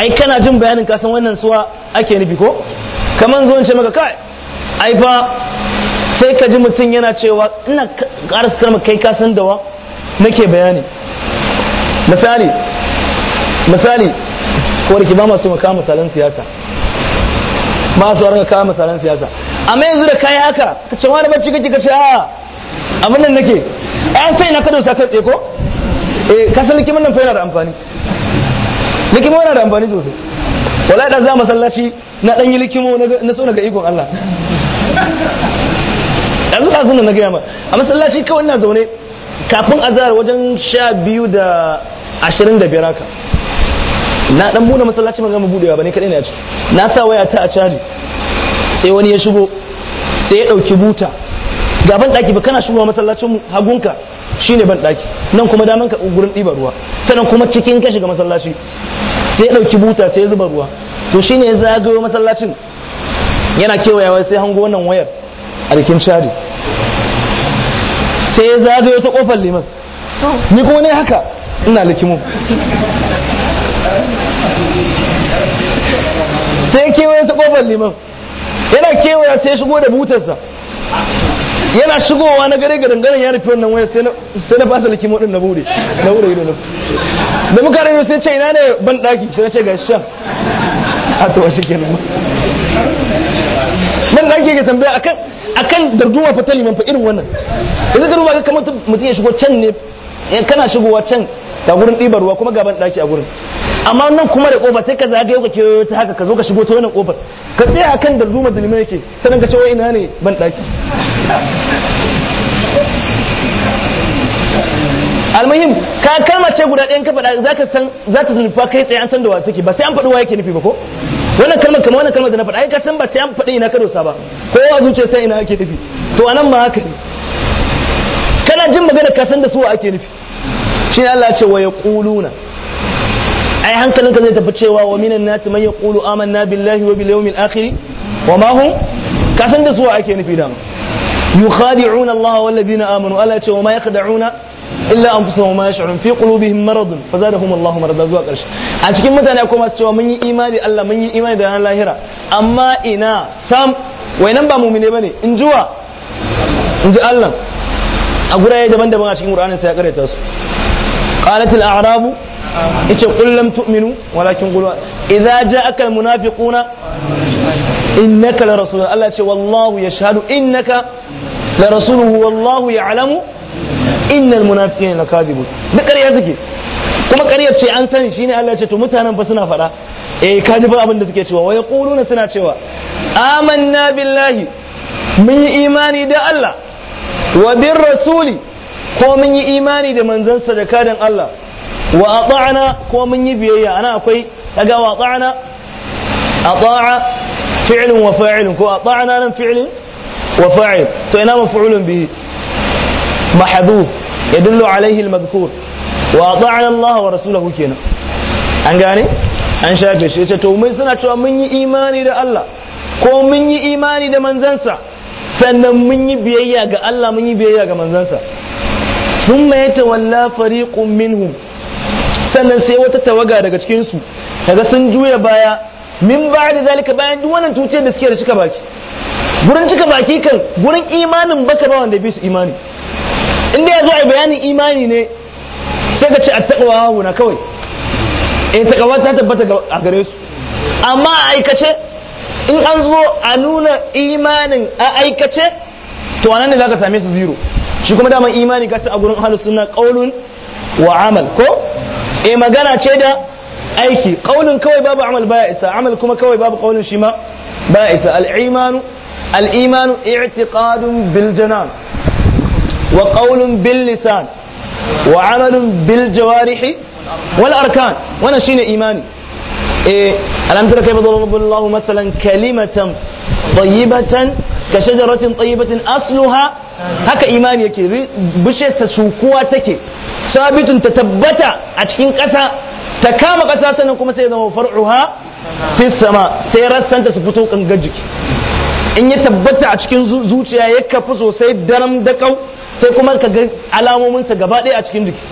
اي كان kana jin bayanin wannan suwa ake nufi ko kaman zo ce maka kai ai fa sai ka ji mutum yana cewa ina karasta maka kai ka san dawa nake bayani misali misali ko da ba masu maka misalan siyasa ba su ranka kawo misalan siyasa amma yanzu da kai haka ka ce wani bacci kake ka ce a abin nan nake an sai na kado ta tseko tsaye ko eh nan fa yana da amfani likiman yana da amfani sosai wala da za masallaci na dan yi likimo na so na ga ikon Allah yanzu da sunan na gaya ma a masallaci kawai na zaune kafin azhar wajen sha biyu da ashirin da biyar haka na dan bude masallaci ban gama budewa ba ne kadai na a na sa waya ta a caji sai wani ya shigo sai ya dauki buta ga ban daki ba kana shigowa masallacin hagunka shine ban daki nan kuma daman ka gurin diba ruwa sannan kuma cikin ka shiga masallaci sai ya dauki buta sai ya zuba ruwa to shine ya zagayo masallacin yana kewayawa sai hango wannan wayar a rikin chari sai ya zagayo ta kofar liman ni kuma ne haka ina likimu sai kewaye ta kofar liman yana kewaya sai shigo da butarsa yana shigowa na gare garin garin ya rufe wannan waya sai na fasa laki modin na bude na bude ido na da muka rayu sai ce ina ne ban daki sai ce ga shan a to shi kenan ban daki ga tambaya akan akan darduma fa ta liman fa irin wannan idan darduma ga kamar mutum ya shigo can ne kana shigowa can ga gurin ɗibar ruwa kuma gaban ɗaki a gurin amma nan kuma da kofa sai ka zagaye ka ke ta haka ka zo ka shigo ta wannan kofar ka tsaya akan da ruma zulmi yake sanan ka ce ina ne ban ɗaki almuhim ka kalma ce guda ɗayan ka faɗa za ka san za ta nufa kai tsaye an san da wa suke ba sai an faɗi wa yake nufi ba ko wannan kalmar kamar wannan kalmar da na faɗa ai ka san ba sai an faɗi ina ka dosa ba ko a zuciya sai ina ake nufi to anan ma haka ne kana jin magana ka san da su ake nufi shi Allah ce wa ya yaquluna ai hankalinka zai tafi cewa wa minan nasi man yaqulu amanna billahi wa bil yawmil akhir wa ma hum ka san da su ake nufi da yukhadi'una Allah wal ladina amanu Allah ce wa ma yakhda'una illa anfusuhum ma yash'urun fi qulubihim marad fazadahum Allah marada zuwa karshe a cikin mutane akwai masu cewa mun yi imani Allah mun yi imani da ranar lahira amma ina sam wai nan ba mu mu'mine bane in juwa in ji Allah a guraye daban-daban a cikin Qur'anin sai ya karanta su قالت الأعراب إيش قل لم تؤمنوا ولكن قلوا إذا جاءك المنافقون إنك لرسول الله يقول والله يشهد إنك لرسوله والله يعلم إن المنافقين لكاذبون ده قرية سكي kuma ƙaryar ce an sani shine Allah ya ce to mutanen fa suna faɗa eh ka ba abin da suke cewa wa yaquluna suna cewa amanna billahi mun yi imani da Allah wa bir rasuli ko mun yi imani da manzansa da kadan Allah wa ata'na ko mun yi biyayya ana akwai kaga wa ata'na ata'a fi'lun wa fa'ilun ko ata'na nan fi'lun wa fa'il to ina maf'ulun bihi mahdhuf yadullu alayhi al-madhkur wa ata'na Allah wa rasulahu kenan an gane an shafe shi yace to mun suna cewa mun yi imani da Allah ko mun yi imani da manzansa sannan mun yi biyayya ga Allah mun yi biyayya ga manzansa thumma yatawalla fariqun minhum sannan sai wata tawaga daga cikin su kaga sun juya baya min ba'da zalika bayan duk wannan tuce da suke da cika baki gurin cika baki kan gurin imanin baka ba wanda bai su imani inda ya zo a bayanin imani ne sai ka ce attaqwa huna kawai in eh, takawa ta tabbata a gare su amma a aikace in an zo a nuna imanin a aikace to anan ne za ka same su zero shi kuma daman imani kasu a gurin ahlus sunna qaulun wa amal ko eh magana ce da aiki qaulun kawai babu amal baya isa amal kuma kawai babu qaulun shi ma baya isa al-imanu al-imanu i'tiqadun bil janan wa qaulun bil lisan wa amalun bil jawarihi wal arkan wannan shine imani eh alam tara kayfa daraba Allahu masalan kalimatan طيبة كشجرة طيبة أصلها haka imani yake bishiyar ta sukuwa take sabitun ta tabbata a cikin kasa ta kama ƙasa sannan kuma sai zama far'uha fi sama sai rassanta su fito gangar jiki in ya tabbata a cikin zuciya ya kafi sosai daram da kau sai kuma ka ga alamominsa gaba ɗaya a cikin jiki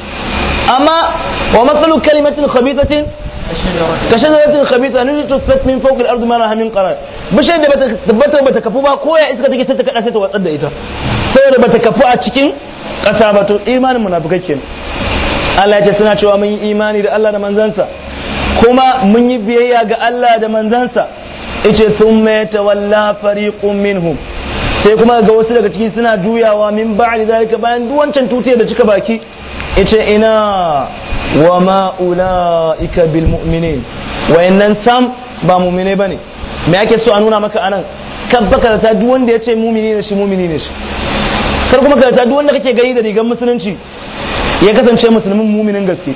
amma wa matsalu kalimatin khabithatin kashajaratin khabita ne to fat min fawqi al-ard ma laha min qarar bishiyar da bata tabbata bata kafu ba ko ya iska take sai ta kada sai ta watsar da ita saboda bata kafu a cikin kasa ba to imanin munafikai kenan Allah ya ce suna cewa mun yi imani da Allah da manzansa kuma mun yi biyayya ga Allah da manzansa ice sun mai tawalla fariqun minhum sai kuma ga wasu daga ciki suna juyawa min ba'di zalika bayan duwancan tutiyar da cika baki ita ina wa ma'ula'ika bil mu'minin nan sam ba mu'mine ne. me ake so a nuna maka anan kan baka ta wanda ya ce mumini ne shi mumini ne shi kar kuma ka duk wanda kake gani da rigar musulunci ya kasance musulmin muminin gaske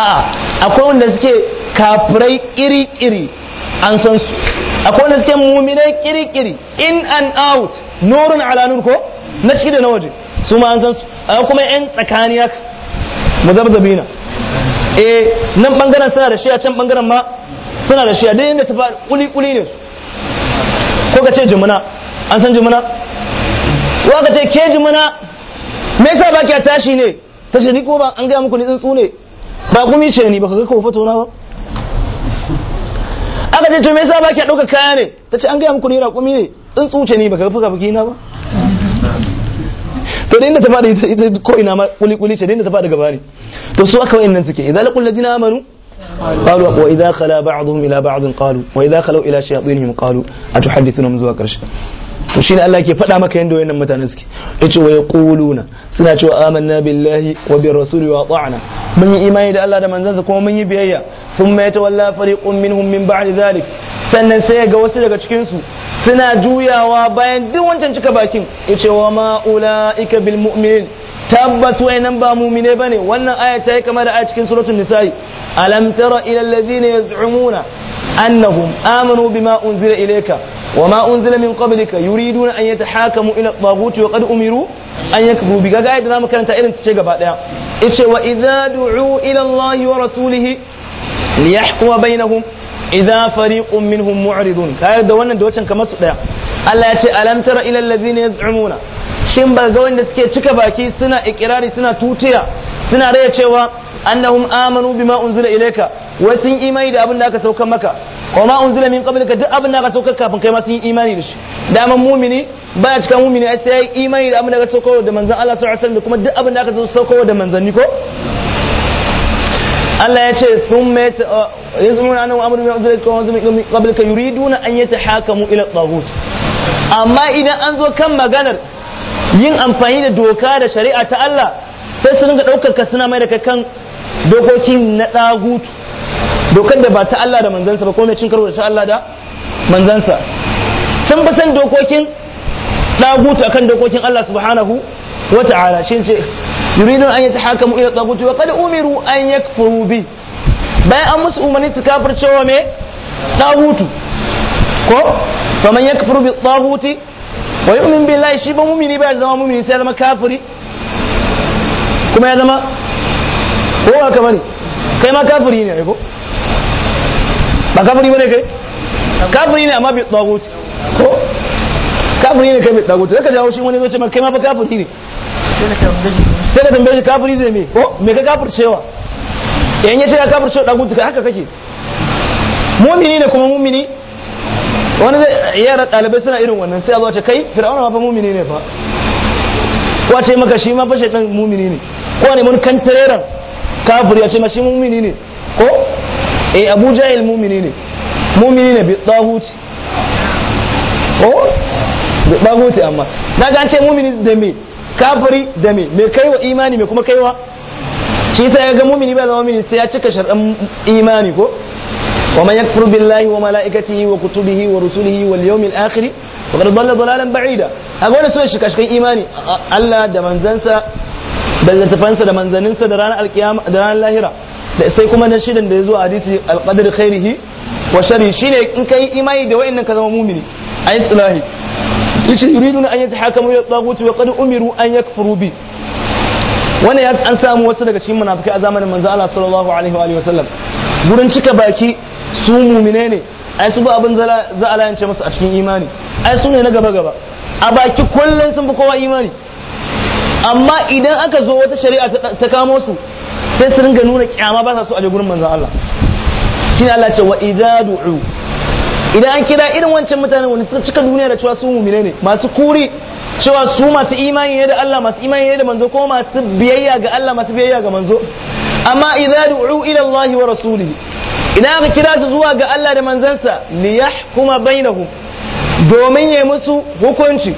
a'a akwai wanda suke kafirai kiri-kiri an san su akwai wanda suke muminai kiri-kiri in and out nurun ala nur ko na ciki da na waje su ma an san su amma kuma yan tsakaniya mu tsakaniyar muzabzabina eh nan bangaren suna da shi a can bangaren ma suna da shi a dai ta fara kuli kuli ne su ko ka ce jimina an san jimuna wa ka ce ke jimuna me yasa ba kya tashi ne tashi ni ko ba an gaya muku ni tsuntsu ne ba kuma ce ni ba ka ga ko fato na ba aka ce to me yasa ba kya dauka kaya ne tace an gaya muku ni raƙumi ne tsuntsu ce ni ba ka ga fuka fuki na ba to da inda ta fada ita ko ina ma kuli kuli ce da inda ta fada gaba ne to su aka wayannan suke idza laqul ladina amanu قالوا وإذا خلا بعضهم إلى بعض قالوا وإذا خلوا إلى شياطينهم قالوا أتحدثونهم زوا karshe. to ne Allah ke faɗa maka yanda wayannan mutanen suke yace waya kuluna suna cewa amanna billahi wa bi rasuli wa ta'ana mun yi imani da Allah da manzansa kuma mun yi biyayya ta walla fariqun minhum min ba'di zalik sannan sai ga wasu daga cikin su suna juyawa bayan duk wancan cika bakin yace wa ma ulaika bil mu'minin tabbas wayannan ba mu'mine bane wannan aya ta yi kama da aya cikin suratul nisa'i alam tara ila allazina yaz'umuna annahum amanu bima unzila ilayka wama unzila min qablika yuriduna an yatahakamu ila taghuti wa qad umiru an yakbu bi gaga da zamu karanta irin ce gaba daya ice wa idza du'u ila allahi wa rasulihi liyahkuma bainahum idza fariqun minhum mu'ridun kai da wannan da wancan kamar su daya Allah ya ce alam tara ila allazina yaz'umuna shin ba ga wanda suke cika baki suna ikirari suna tutiya suna raya cewa annahum amanu bima unzila ilayka wa sun imani da abin da aka saukar maka wa ma unzila min qablika duk abin da aka saukar kafin kai ma sun yi imani da shi daman mumini baya cika mumini ai sai imani da abin da aka saukar da manzon Allah sallallahu alaihi wasallam da kuma duk abin da aka saukar da manzanni ko Allah ya ce sun mai ya yanzu nan amurin ya zai kawo zumi kabilka duna an yi ta haka mu ila tsagut amma idan an zo kan maganar yin amfani da doka da shari'a ta Allah sai su dinga ɗaukar ka suna mai da kan dokoki na tsagut dokar da ba ta Allah da manzansa ba ko mai cin karo da ta Allah da manzansa sun fi san dokokin tsagut akan dokokin Allah subhanahu wa ta'ala shi ce yuridun an yatahakamu ila taguti wa qad umiru an yakfuru bi bayan an musu umarni su kafircewa me tagutu ko faman yakfuru bi taguti wa yu'min billahi shi ba mumini ba ya zama mumini sai ya zama kafiri kuma ya zama ko ba kamar kai ma kafiri ne ko ba kafiri bane kai kafiri ne amma bi taguti ko kafiri ne kai bi taguti zaka jawo shi wani zo ce kai ma ba kafiri ne sai da tambaye shi kafiri zai me ko me ka kafircewa cewa? yace ya kafircewa dagutu kai haka kake mumini ne kuma mumini wani zai yara ɗalibai suna irin wannan sai a zo ce kai fir'auna fa mumini ne fa ko ce maka shi ma fa shaitan mumini ne ko ne mun kantareran kafiri ya ce ma shi mumini ne ko eh abu jahil mumini ne mumini ne bi dahuti ko bi dahuti amma ga an ce mumini da me kafiri da me mai kaiwa imani me kuma kaiwa shi sai ga mumini ba zama mumini sai ya cika sharɗan imani ko wa man yakfur billahi wa malaikatihi wa kutubihi wa rusulihi wal yawmil akhir wa qad dalla dalalan ba'ida kaga wannan sai shika shikan imani Allah da manzansa da littafansa da manzaninsa da ranar alkiyama da ranar lahira da sai kuma na shidan da ya zo a hadisi alqadr khairihi wa sharri shine in kai imani da wa'annan ka zama mumini ai islahi yace yuriduna an yatahakamu ila taghut wa qad umiru an yakfuru bi wannan ya an samu wasu daga cikin munafikai a zamanin manzo Allah sallallahu alaihi wa sallam gurin cika baki su mumine ne ai su ba abin za a layance musu a cikin imani ai su ne na gaba gaba a baki kullun sun fi kowa imani amma idan aka zo wata shari'a ta kamo su sai su ringa nuna kyama ba sa so a je gurin manzo Allah shi Allah ce wa idza idan an kira irin wancan mutanen wani suka cika duniya da cewa su mumine ne masu kuri cewa su masu imani ne da Allah masu imani ne da manzo ko masu biyayya ga Allah masu biyayya ga manzo amma idza du'u ila Allah wa rasuli idan aka kira su zuwa ga Allah da manzansa li yahkuma bainahum domin ya musu hukunci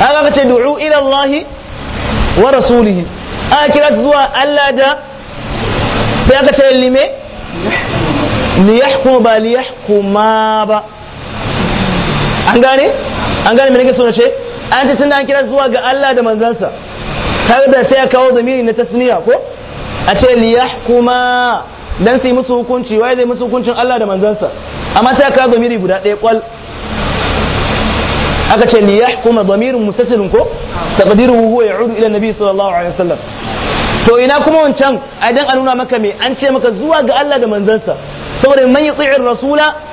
haka kace ce du'u ila Allah wa rasulihi aka kira su zuwa Allah da sai aka ce lime ni yahkuma ba li yahkuma ba an gane an gane me nake suna ce an ce tun da an kira zuwa ga Allah da manzansa kaga da sai ya kawo zamiri na tasniya ko a ce liyahkuma dan sai musu hukunci wai zai musu hukuncin Allah da manzansa amma sai ya kawo zamiri guda ɗaya kwal aka ce liyahkuma zamirun mustatirun ko taqdiruhu huwa ya'udu ila nabi sallallahu alaihi wasallam to ina kuma wancan a dan a nuna maka me an ce maka zuwa ga Allah da manzansa saboda man tsirin rasula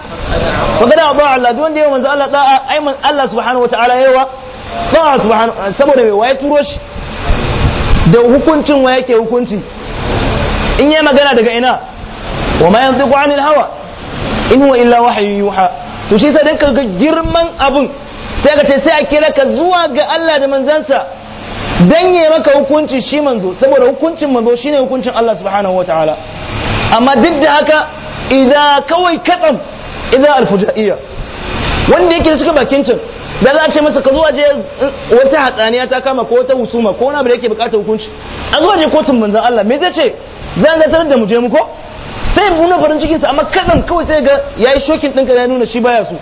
magana ba Allah duk wanda yawa manzo Allah da'a ai man Allah subhanahu wataala yawa ba. subhanahu saboda me waye turo shi da hukuncin wa yake hukunci in yayi magana daga ina wa ma yantiqu anil hawa in huwa illa wahyu yuha to shi sai dan girman abun sai ka ce sai a kira ka zuwa ga Allah da manzansa dan yayi maka hukunci shi manzo saboda hukuncin manzo shine hukuncin Allah subhanahu wataala amma duk da haka idan kawai katsam idan alfujaiya wanda yake cika bakin cin da za a ce masa ka zuwa je eh, wata hatsaniya ta kama ko wata husuma ko wani abu da yake bukatar hukunci a zuwa je kotun manzon Allah me zai ce zan zartar da mu je mu ko sai nuna farin cikin sa amma kadan kawai sai ga yayi shokin ɗinka ya nuna shi baya so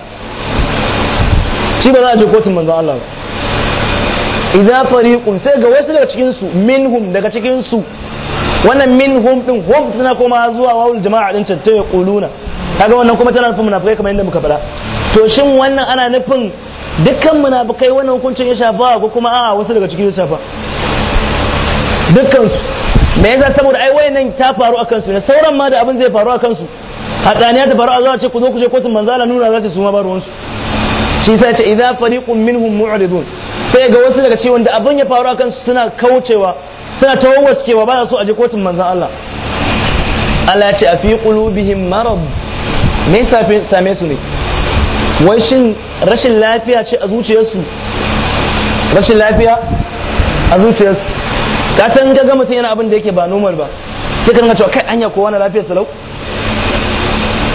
shi ba za a je kotun manzon Allah ba idan fariqun sai ga wasu daga cikin su minhum daga cikin su wannan minhum din hum suna kuma zuwa wawul jama'a din ta yaquluna kaga wannan kuma tana nufin munafikai kamar yadda muka fara to shin wannan ana nufin dukkan munafikai wannan hukuncin ya shafa ko kuma a'a wasu daga ciki ya shafa dukkan su me yasa saboda ai wayannan ta faru akan su ne sauran ma da abin zai faru akan su hadaniya ta faru a zuwa ce ku zo ku je kotun manzala nuna za su su ma ba su shi sai ce idza fariqun minhum mu'ridun sai ga wasu daga cikin wanda abin ya faru akan su suna kaucewa suna tawawwacewa ba za su aje kotun manzan Allah Allah ya ce a fi qulubihim marad me yasa same su ne wai shin rashin lafiya ce a zuciyarsu rashin lafiya a zuciyarsu ka san ka ga mutum yana abin da yake ba normal ba sai ka ga cewa kai anya kowa na lafiyar salau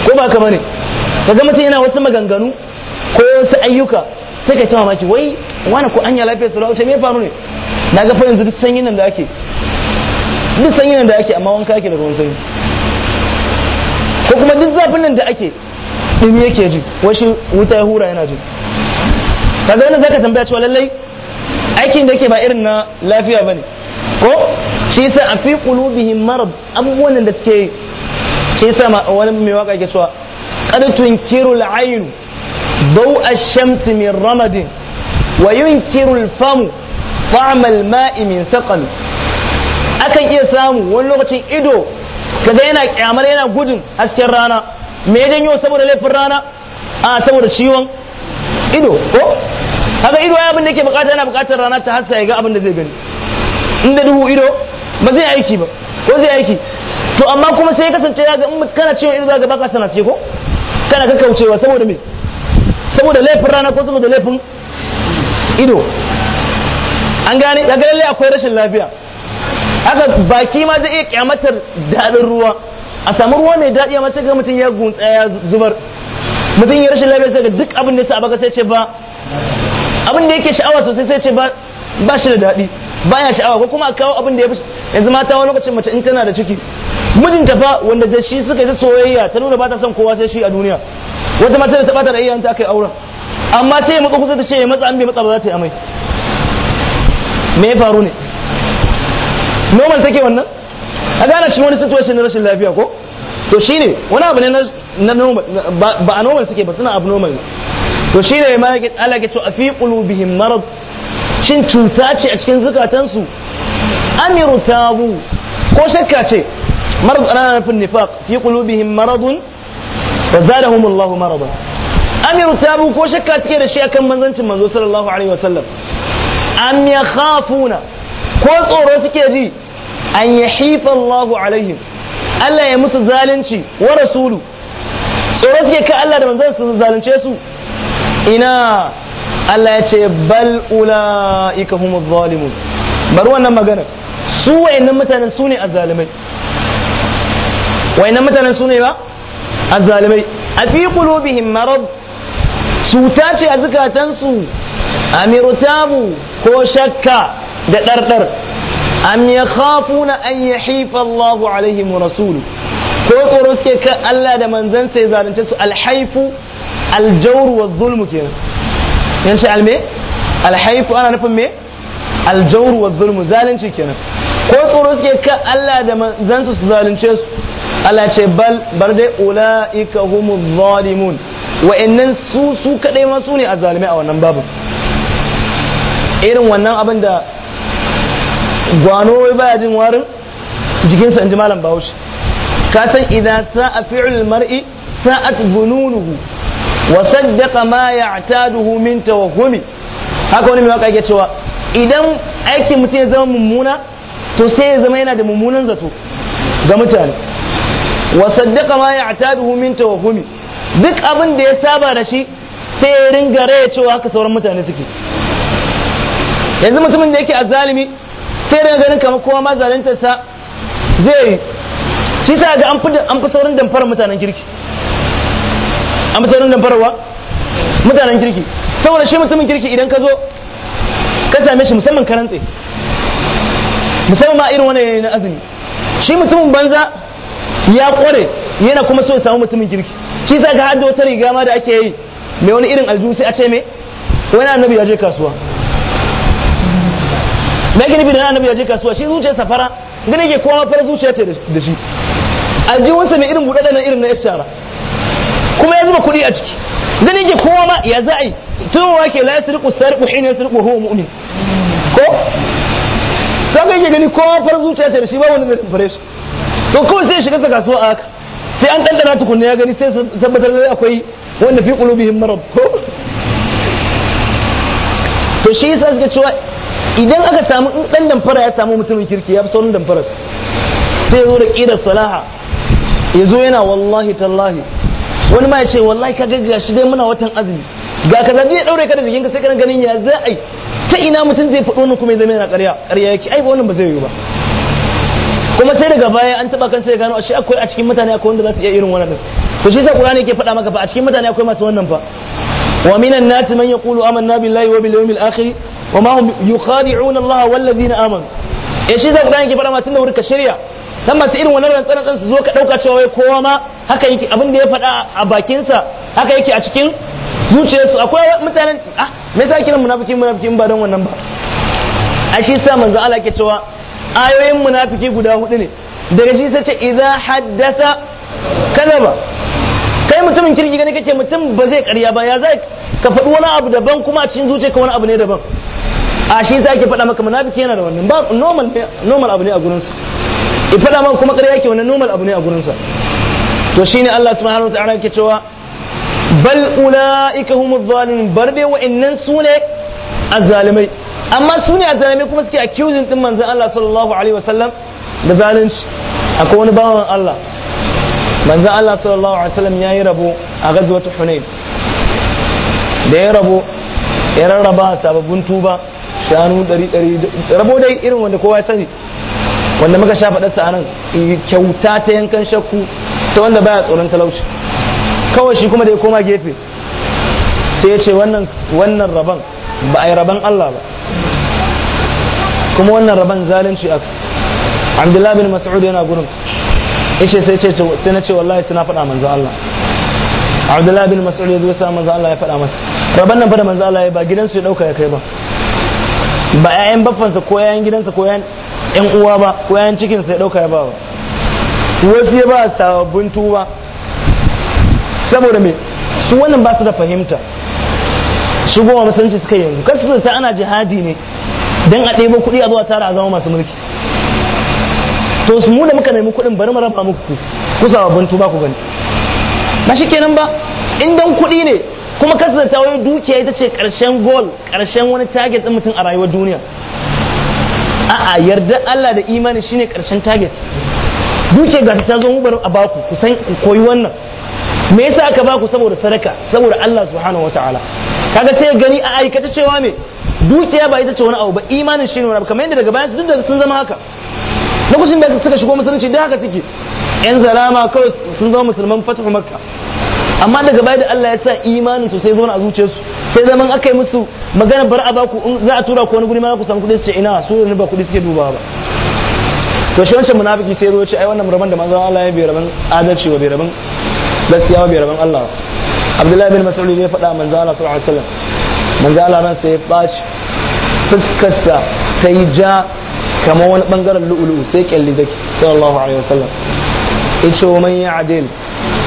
ko ba ka bane ka ga mutum yana wasu maganganu ko wasu ayyuka sai ka ce mamaki wai wani ko anya lafiyar salau ce me faru ne na ga fa yanzu duk sanyin nan da ake duk sanyin nan da ake amma wanka ake da ruwan sanyi kuma duk zafin nan da ake dumi yake ji wasu wuta ya hura yana ji kaga wani zaka tambaya cewa lallai aikin da yake ba irin na lafiya bane ko shi yasa a fi qulubihim marad abubuwan da suke shi yasa ma wani mai waka yake cewa qad tunkiru al-ayn ضوء الشمس من رمد وينكر الفم طعم الماء من سقم akan iya samu wani lokacin ido kaga yana kyamar yana gudun hasken rana me ya janyo saboda laifin rana a saboda ciwon ido ko kaga ido abin da yake bukata yana bukatar rana ta hasa ya ga abin da zai gani inda duhu ido ba zai aiki ba ko zai aiki to amma kuma sai kasance ya ga in kana ciwon ido zaka baka sana sai ko kana ka kaucewa saboda me saboda laifin rana ko saboda laifin ido an gane ga lalle akwai rashin lafiya haka baki ma zai iya kyamatar daɗin ruwa a samu ruwa mai daɗi amma sai ga mutum ya gunsa ya zubar mutum ya rashin lafiya sai ga duk abin da ya sa baka sai ce ba abin da yake sha'awa sosai sai ce ba ba shi da daɗi baya sha'awa ko kuma a kawo abin da ya fi yanzu mata wani lokacin mace in tana da ciki mijinta fa wanda da shi suka yi soyayya ta nuna ba ta son kowa sai shi a duniya wata mata da ta bata da iyayenta aka yi auren amma sai ya matsa kusa ta ce ya matsa an bai matsa ba za ta yi amai me ya faru ne normal take wannan a gane cikin wani situation na rashin lafiya ko to shine wani abu ne na normal ba a normal suke ba suna abu normal to shi ne Allah ya ce a fi qulubihim marad shin cuta ce a cikin zukatansu amiru tabu ko shakka ce marad ana nufin nifaq fi qulubihim maradun wa zadahum Allahu maradan amiru tabu ko shakka take da shi akan manzancin manzo sallallahu alaihi sallam. am yakhafuna ko tsoro suke ji an ya hifa Allahu alaihim Allah ya musu zalunci wa rasulu tsoro suke ka Allah da manzan su zalunce su ina Allah ya ce bal ulaika humuz zalimun bari wannan magana su wayannan mutanen su ne azzalimai wayannan mutanen su ne ba azzalimai a fi qulubihim marad cuta ce a zukatansu amirutabu ko shakka da ɗarɗar an ya na an ya hifa Allahu wa rasulu ko tsoro suke kan Allah da manzansa sai zalunce su alhaifu aljawru wa zulmu kenan yanci alme alhaifu ana nufin me aljawru wa zulmu zalunci kenan ko tsoro suke kan Allah da manzansa su zalunce su Allah ce bal bar dai ula'ika humuz zalimun Wa nan su su kadai ma su ne a zalimai a wannan babu irin wannan abin da gwano wai baya jin warin jikinsa in ji malam bahaushe ka san idan sa'a fi'il mar'i sa'at bununuhu wa saddaqa ma ya'taduhu min tawahhumi haka wani mai waka yake cewa idan aikin mutum ya zama mummuna to sai ya zama yana da mummunan zato ga mutane wa saddaqa ma ya'taduhu min tawahhumi duk abin da ya saba da shi sai ya ringa raya cewa haka sauran mutane suke yanzu mutumin da yake azzalimi sai daga ganin kamar kowa ma sa zai yi shi sa ga an fi saurin damfara mutanen kirki an fi saurin damfararwa mutanen kirki saboda shi mutumin kirki idan ka zo ka same shi musamman karantse musamman ma irin wani yanayi na azumi shi mutumin banza ya kware yana kuma so ya samu mutumin kirki shi sa ga hada wata riga ma da ake yi mai wani irin aljuhu sai a ce mai wani annabi ya je kasuwa me yake nufi da annabi ya je kasuwa shi zuciya safara gane yake kowa fara zuciya ce da shi aljihunsa mai irin buɗaɗa na irin na ishara kuma ya zuba kuɗi a ciki gane yake kowa ma ya za a yi tunowa ke la yasriqu sariqu hin yasriqu huwa mu'min ko to kai yake gani kowa fara zuciya ce da shi ba wani mai fare shi to kawai sai shiga kasuwa a haka sai an ɗanɗana tukunna ya gani sai tabbatar da akwai wanda fi qulubihim marad ko to shi yasa suka cewa idan aka samu in dan damfara ya samu mutumin kirki ya fi saurin damfara sai zo da kira salaha ya zo yana wallahi tallahi wani ma ya ce wallahi ka gaggaga shi dai muna watan azumi ga kaza zai daure ka da jikinka sai ka ganin ya za ta ina mutum zai faɗo nan kuma ya zama yana ƙarya ƙarya yake ai wannan ba zai yiwu ba kuma sai daga baya an taɓa kan sai gano ashe akwai a cikin mutane akwai wanda za su iya irin wannan to shi sa qur'ani yake faɗa maka fa a cikin mutane akwai masu wannan fa wa minan nasi man yaqulu amanna billahi wa bil yawmil akhir wa ma hum yukhadi'un Allah wal ladina amanu eh shi zaka dan yake fara ma tunda wuri ka shirya dan masu irin wannan rantsan rantsan su zo ka dauka cewa wai kowa ma haka yake abin da ya faɗa a bakin sa haka yake a cikin zuciyarsu akwai mutanen ah me yasa kiran munafiki munafiki ba dan wannan ba a shi sa manzo Allah ke cewa ayoyin munafiki guda hudu ne daga shi sai ce idza haddatha kadaba kai mutumin kirki gani kace mutum ba zai karya ba ya zai ka faɗi wani abu daban kuma a cikin zuciyarka wani abu ne daban a shi sai yake faɗa maka munafiki yana da wannan ba normal normal abu ne a gurin sa faɗa maka kuma ƙarya yake wannan normal abu ne a gurin sa to shine Allah subhanahu wa ta'ala yake cewa bal ulaika humuz zalimin bar dai wa'annan sune azzalimai amma sune azzalimai kuma suke accusing din manzon Allah sallallahu alaihi wasallam da zalunci akwai wani bawan Allah manzon Allah sallallahu alaihi wasallam yi rabo a gazwatu Hunain da ya rabo ya rarraba sababbin tuba shanu ɗari ɗari rabo dai irin wanda kowa ya sani wanda muka sha faɗarsa sa nan eh, kyauta ta yankan shakku ta wanda baya tsoron talauci kawai shi kuma da ya koma gefe sai ya ce wannan wannan rabon ba a yi rabon Allah ba kuma wannan rabon zalunci aka abdullahi bin mas'ud yana gurin yace sai ce sai na ce wallahi suna faɗa manzo Allah abdullahi bin mas'ud ya zo sa manzo Allah ya faɗa masa rabon nan fa da manzo Allah ya ba gidansu ya dauka ya kai ba ba 'ya'yan baffansa ko 'ya'yan gidansa ko 'yan uwa ba ko 'ya'yan cikinsa ya ɗauka ya ba ba wasu ya ba sababbin tuba saboda me su wannan ba su da fahimta su goma musulunci suka yanzu kasu ta ana jihadi ne don a ɗebo kuɗi a zuwa tara a zama masu mulki to su mu da muka nemi kuɗin bari mu raba muku ku sababbin tuba ku gani ba shi kenan ba in don kuɗi ne kuma ta wai dukiya ita ce karshen goal karshen wani target din mutum a rayuwar duniya a'a yarda Allah da imani shine karshen target dukiya ga ta zo mu a baku ku san koyi wannan me yasa aka baku saboda sadaka saboda Allah subhanahu wataala kaga sai gani a aikata cewa me dukiya ba ita ce wani abu ba imanin shine wani abu kamar yadda daga bayan su duk sun zama haka lokacin da suka shigo musulunci da haka suke yan zalama kawai sun zama musulman fatuhu makka amma daga baya da Allah ya sa imanin su sai zauna a zuciyarsu sai zaman aka yi musu magana bar a baku in za a tura ku wani guri ma ku samu kuɗi su ce ina su ne ba kuɗi suke duba ba to shi wancan munafiki sai zo ce ai wannan rabon da manzon Allah ya bi rabon adalci wa bai rabon gaskiya bi rabon Allah Abdullahi bin Mas'ud ne ya faɗa manzo Allah sallallahu alaihi wasallam manzo Allah ran sai ya baci fuskarsa ta yi ja kamar wani bangaren lu'ulu'u sai kyalli zaki sallallahu alaihi wasallam yace wa ya ya'dil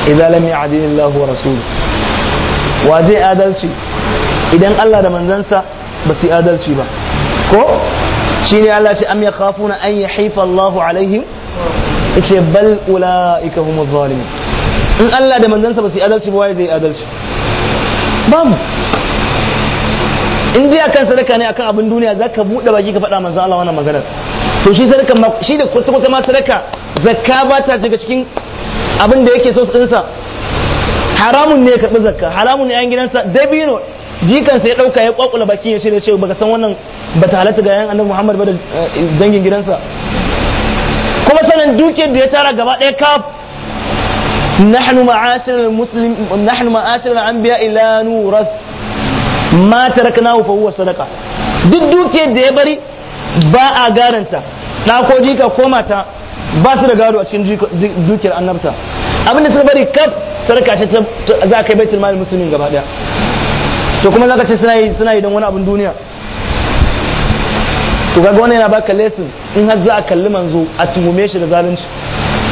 idan lam ya ya'dil Allah wa rasuluhu wa zai adalci idan Allah da manzansa ba su adalci ba ko shine Allah ce am ya yakhafuna an yahifa Allah alaihim yace bal ula ulaika humuz zalimun in Allah da manzansa ba su adalci ba wai zai adalci babu in dai akan sadaka ne akan abin duniya zaka buɗe baki ka faɗa manzo Allah wannan maganar to shi sadaka shi da kwata kwata ma sadaka zakka ba ta cikin abin da yake so dinsa haramun ne ya karbi zakka haramun ne yan gidansa dabino jikansa ya dauka ya kwakula baki ya ce da ce baka san wannan ba ta halatta ga yan annabi Muhammad ba da eh, dangin gidansa kuma sanan dukiyar da ya tara gaba ɗaya kaf ma'asir muslim nahnu ma'asir anbiya الانبياء nurat ma tarakna fa huwa sadaka duk dukiyar da ya bari ba a garanta na ko jika ko mata ba su da gado a cikin dukiyar annabta abinda sun bari kaf sarka ce za ka yi baitul mali musulmin gaba daya to kuma za ka ce suna yi suna yi don wani abin duniya to ga wani yana baka lesson in har za a kalli manzo a tumume shi da zalunci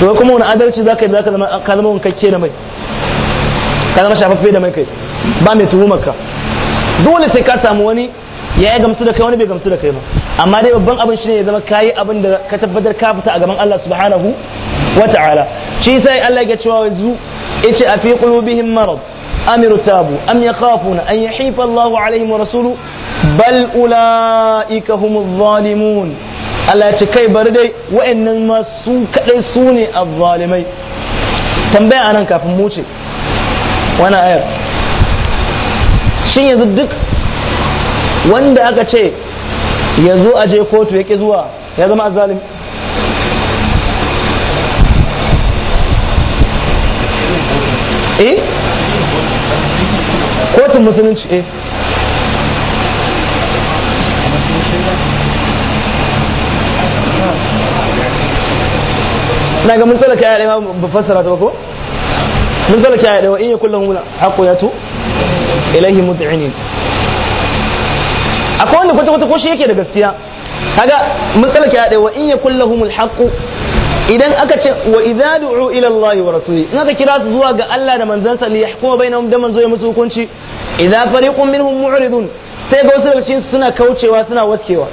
to kuma wani adalci za ka yi za ka zama ka zama wankakke da mai ka zama shafaffe da mai kai ba mai ka dole sai ka samu wani ya gamsu da kai wani bai gamsu da kai ba amma dai babban abin ne ya zama kayi abin da ka tabbatar ka fita a gaban Allah subhanahu wa ta'ala shi sai Allah ya cewa yanzu yace a fi qulubihim marad amiru tabu am yakhafuna an yahifa Allahu alaihim wa rasulu bal ulaika humuz zalimun Allah ya ce kai bari dai wa'annan ma su kadai su ne azzalimai tambaya anan kafin mu ce wani ayar shin yanzu duk wanda aka ce yanzu aje kotu ya zuwa ya zama azalim eh kotun musulunci eh na ga mun tsallake aya ɗaya ba fassara ta ko mun tsallake aya ɗaya in ya kullum muna haƙo ya to ilahi mutu'inin akwai wanda kwata kwata ko shi yake da gaskiya kaga matsala ke wa in yakul humul haƙu idan aka ce wa idza du'u ila Allah wa rasuli in aka kira su zuwa ga Allah da manzansa li yahkuma bainahum da manzo ya musu hukunci idza fariqun minhum mu'ridun sai ga wasu daga cikin suna kaucewa suna waskewa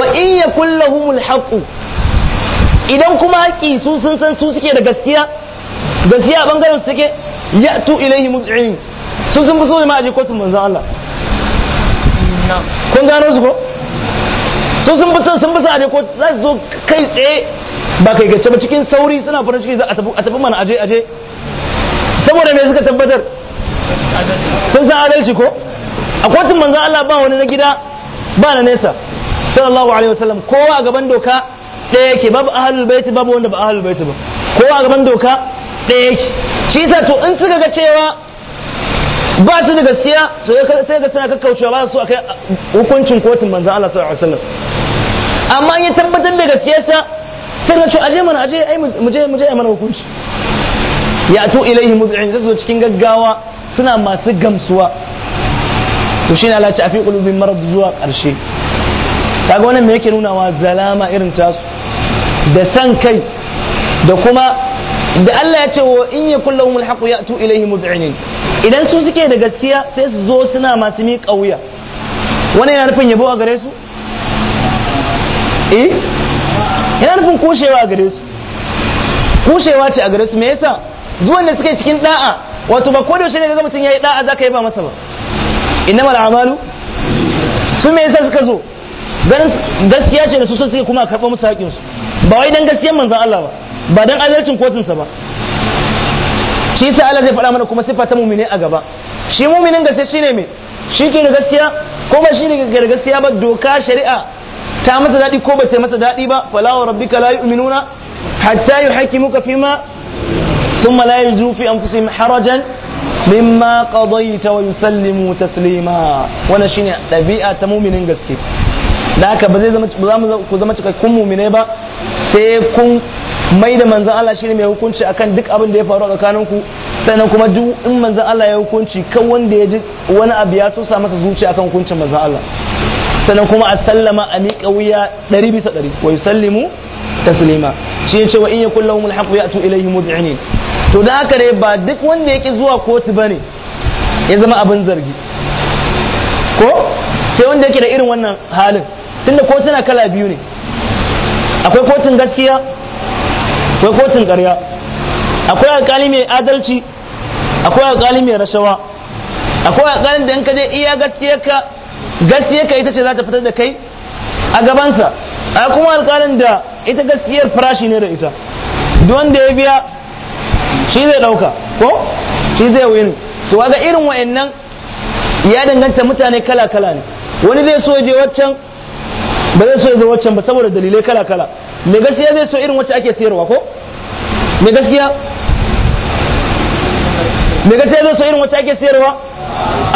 wa in yakul humul haƙu idan kuma haƙi su sun san su suke da gaskiya gaskiya a bangaren suke tu ilaihi mud'in su sun fi so ma aje kotun manzon Allah kun gano su ko su sun bi sun bi sa'ade ko za su zo kai tsaye ba kai gace ba cikin sauri suna farin ciki za a tafi mana aje aje saboda me suka tabbatar sun san adalci ko a kotun manzan Allah ba wani na gida ba na nesa sallallahu alaihi wasallam kowa a gaban doka ɗaya yake babu ahlul baiti babu wanda ba ahlul baiti ba kowa a gaban doka ɗaya yake shi yasa to in suka ga cewa ba su da gaskiya sai ga suna kakkaucewa ba su akai uh, hukuncin kotun manzo Allah sallallahu alaihi wasallam amma ya tabbatar da gaskiyarsa sai ga cewa aje mana aje ai mu je mu je mana hukunci ya to ilaihi mud'in zasu cikin gaggawa suna masu gamsuwa to shine Allah ya ce afi qulubin marad zuwa karshe kaga wannan me yake wa zalama irin tasu da san kai da kuma da Allah ya ce wa in yakul lahumul haqu ya'tu ilaihi mud'inin idan su suke da gaskiya sai su zo suna masu miƙa wuya wani yana nufin yabo a gare su eh yana nufin kushewa a gare su kushewa ce a gare su me yasa zuwan da suke cikin da'a wato ba ko da shi ne ga mutum yayi da'a zaka yi ba masa ba innama a'malu su me yasa suka zo ganin gaskiya ce da su suke kuma karɓa musu haƙin su ba wai dan gaskiyar manzon Allah ba ba dan adalcin sa ba shi yasa Allah zai faɗa mana kuma sifa ta mu'mini a gaba shi mu'minin gaskiya shine me shi ke gaskiya ko ba shi ne da gaskiya ba doka shari'a ta masa daɗi ko ba ta masa daɗi ba fala wa rabbika la yu'minuna hatta yuhaqqimuka fima thumma la yajidu fi anfusihim harajan mimma qadayta wa yusallimu taslima wannan shine ɗabi'a ta mu'minin gaske da haka ba zai zama ku zama cikakkun mu'mine ba sai kun mai da manzan Allah shi ne mai hukunci akan duk abin da ya faru a tsakaninku sannan kuma duk in manzan Allah ya hukunci kan wanda ya ji wani abu ya sosa masa zuciya akan hukuncin manzan Allah sannan kuma a sallama a miƙa wuya ɗari bisa ɗari wa ta taslima shi ya ce wa in ya kullahu mul ya tu ilayhi ne to da haka dai ba duk wanda ya ƙi zuwa kotu ba ne ya zama abin zargi ko sai wanda yake da irin wannan halin tunda kotuna kala biyu ne akwai kotun gaskiya akwai kotun ƙarya akwai alƙali mai adalci akwai alƙali mai rashawa akwai alƙalin da yanka je iya gaskiyarka gaskiyarka ita ce za ta fitar da kai a gabansa a kuma alƙalin da ita gaskiyar farashi ne da ita duk wanda ya biya shi zai ɗauka ko shi zai wuyin to ga irin wa'annan ya danganta mutane kala-kala ne wani zai so je waccan ba zai so ya waccan ba saboda dalilai kala-kala mai gaskiya zai so irin wacce ake sayarwa ko mai gaskiya mai gaskiya zai so irin wacce ake sayarwa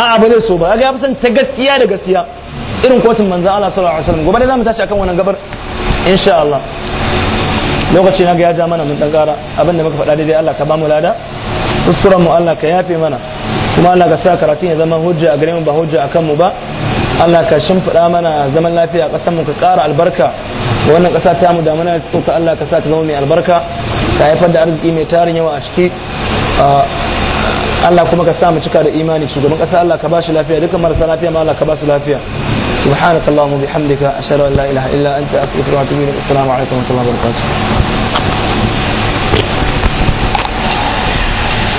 a ba zai so ba ga fi son ta gaskiya da gaskiya irin kotun manzan Allah sallallahu alaihi wasallam gobe za mu tashi akan wannan gabar insha Allah lokaci na ga ya ja mana mun dan kara abin da muka faɗa daidai Allah ka ba mu lada kuskuren mu Allah ka yafe mana kuma Allah ka sa karatun ya zama hujja a gare mu ba hujja akan mu ba Allah ka shimfiɗa mana zaman lafiya a ƙasar mu ka ƙara albarka wannan ƙasa ta mu da mana ka Allah ka sa ta zama mai albarka ka haifar da arziki mai tarin yawa a ciki Allah kuma ka sa mu cika da imani shugaban ƙasa Allah ka ba shi lafiya dukkan marasa lafiya ma Allah ka ba su lafiya سبحانك اللهم وبحمدك أشهد أن لا إله إلا أنت أستغفرك وأتوب إليك السلام عليكم ورحمة الله وبركاته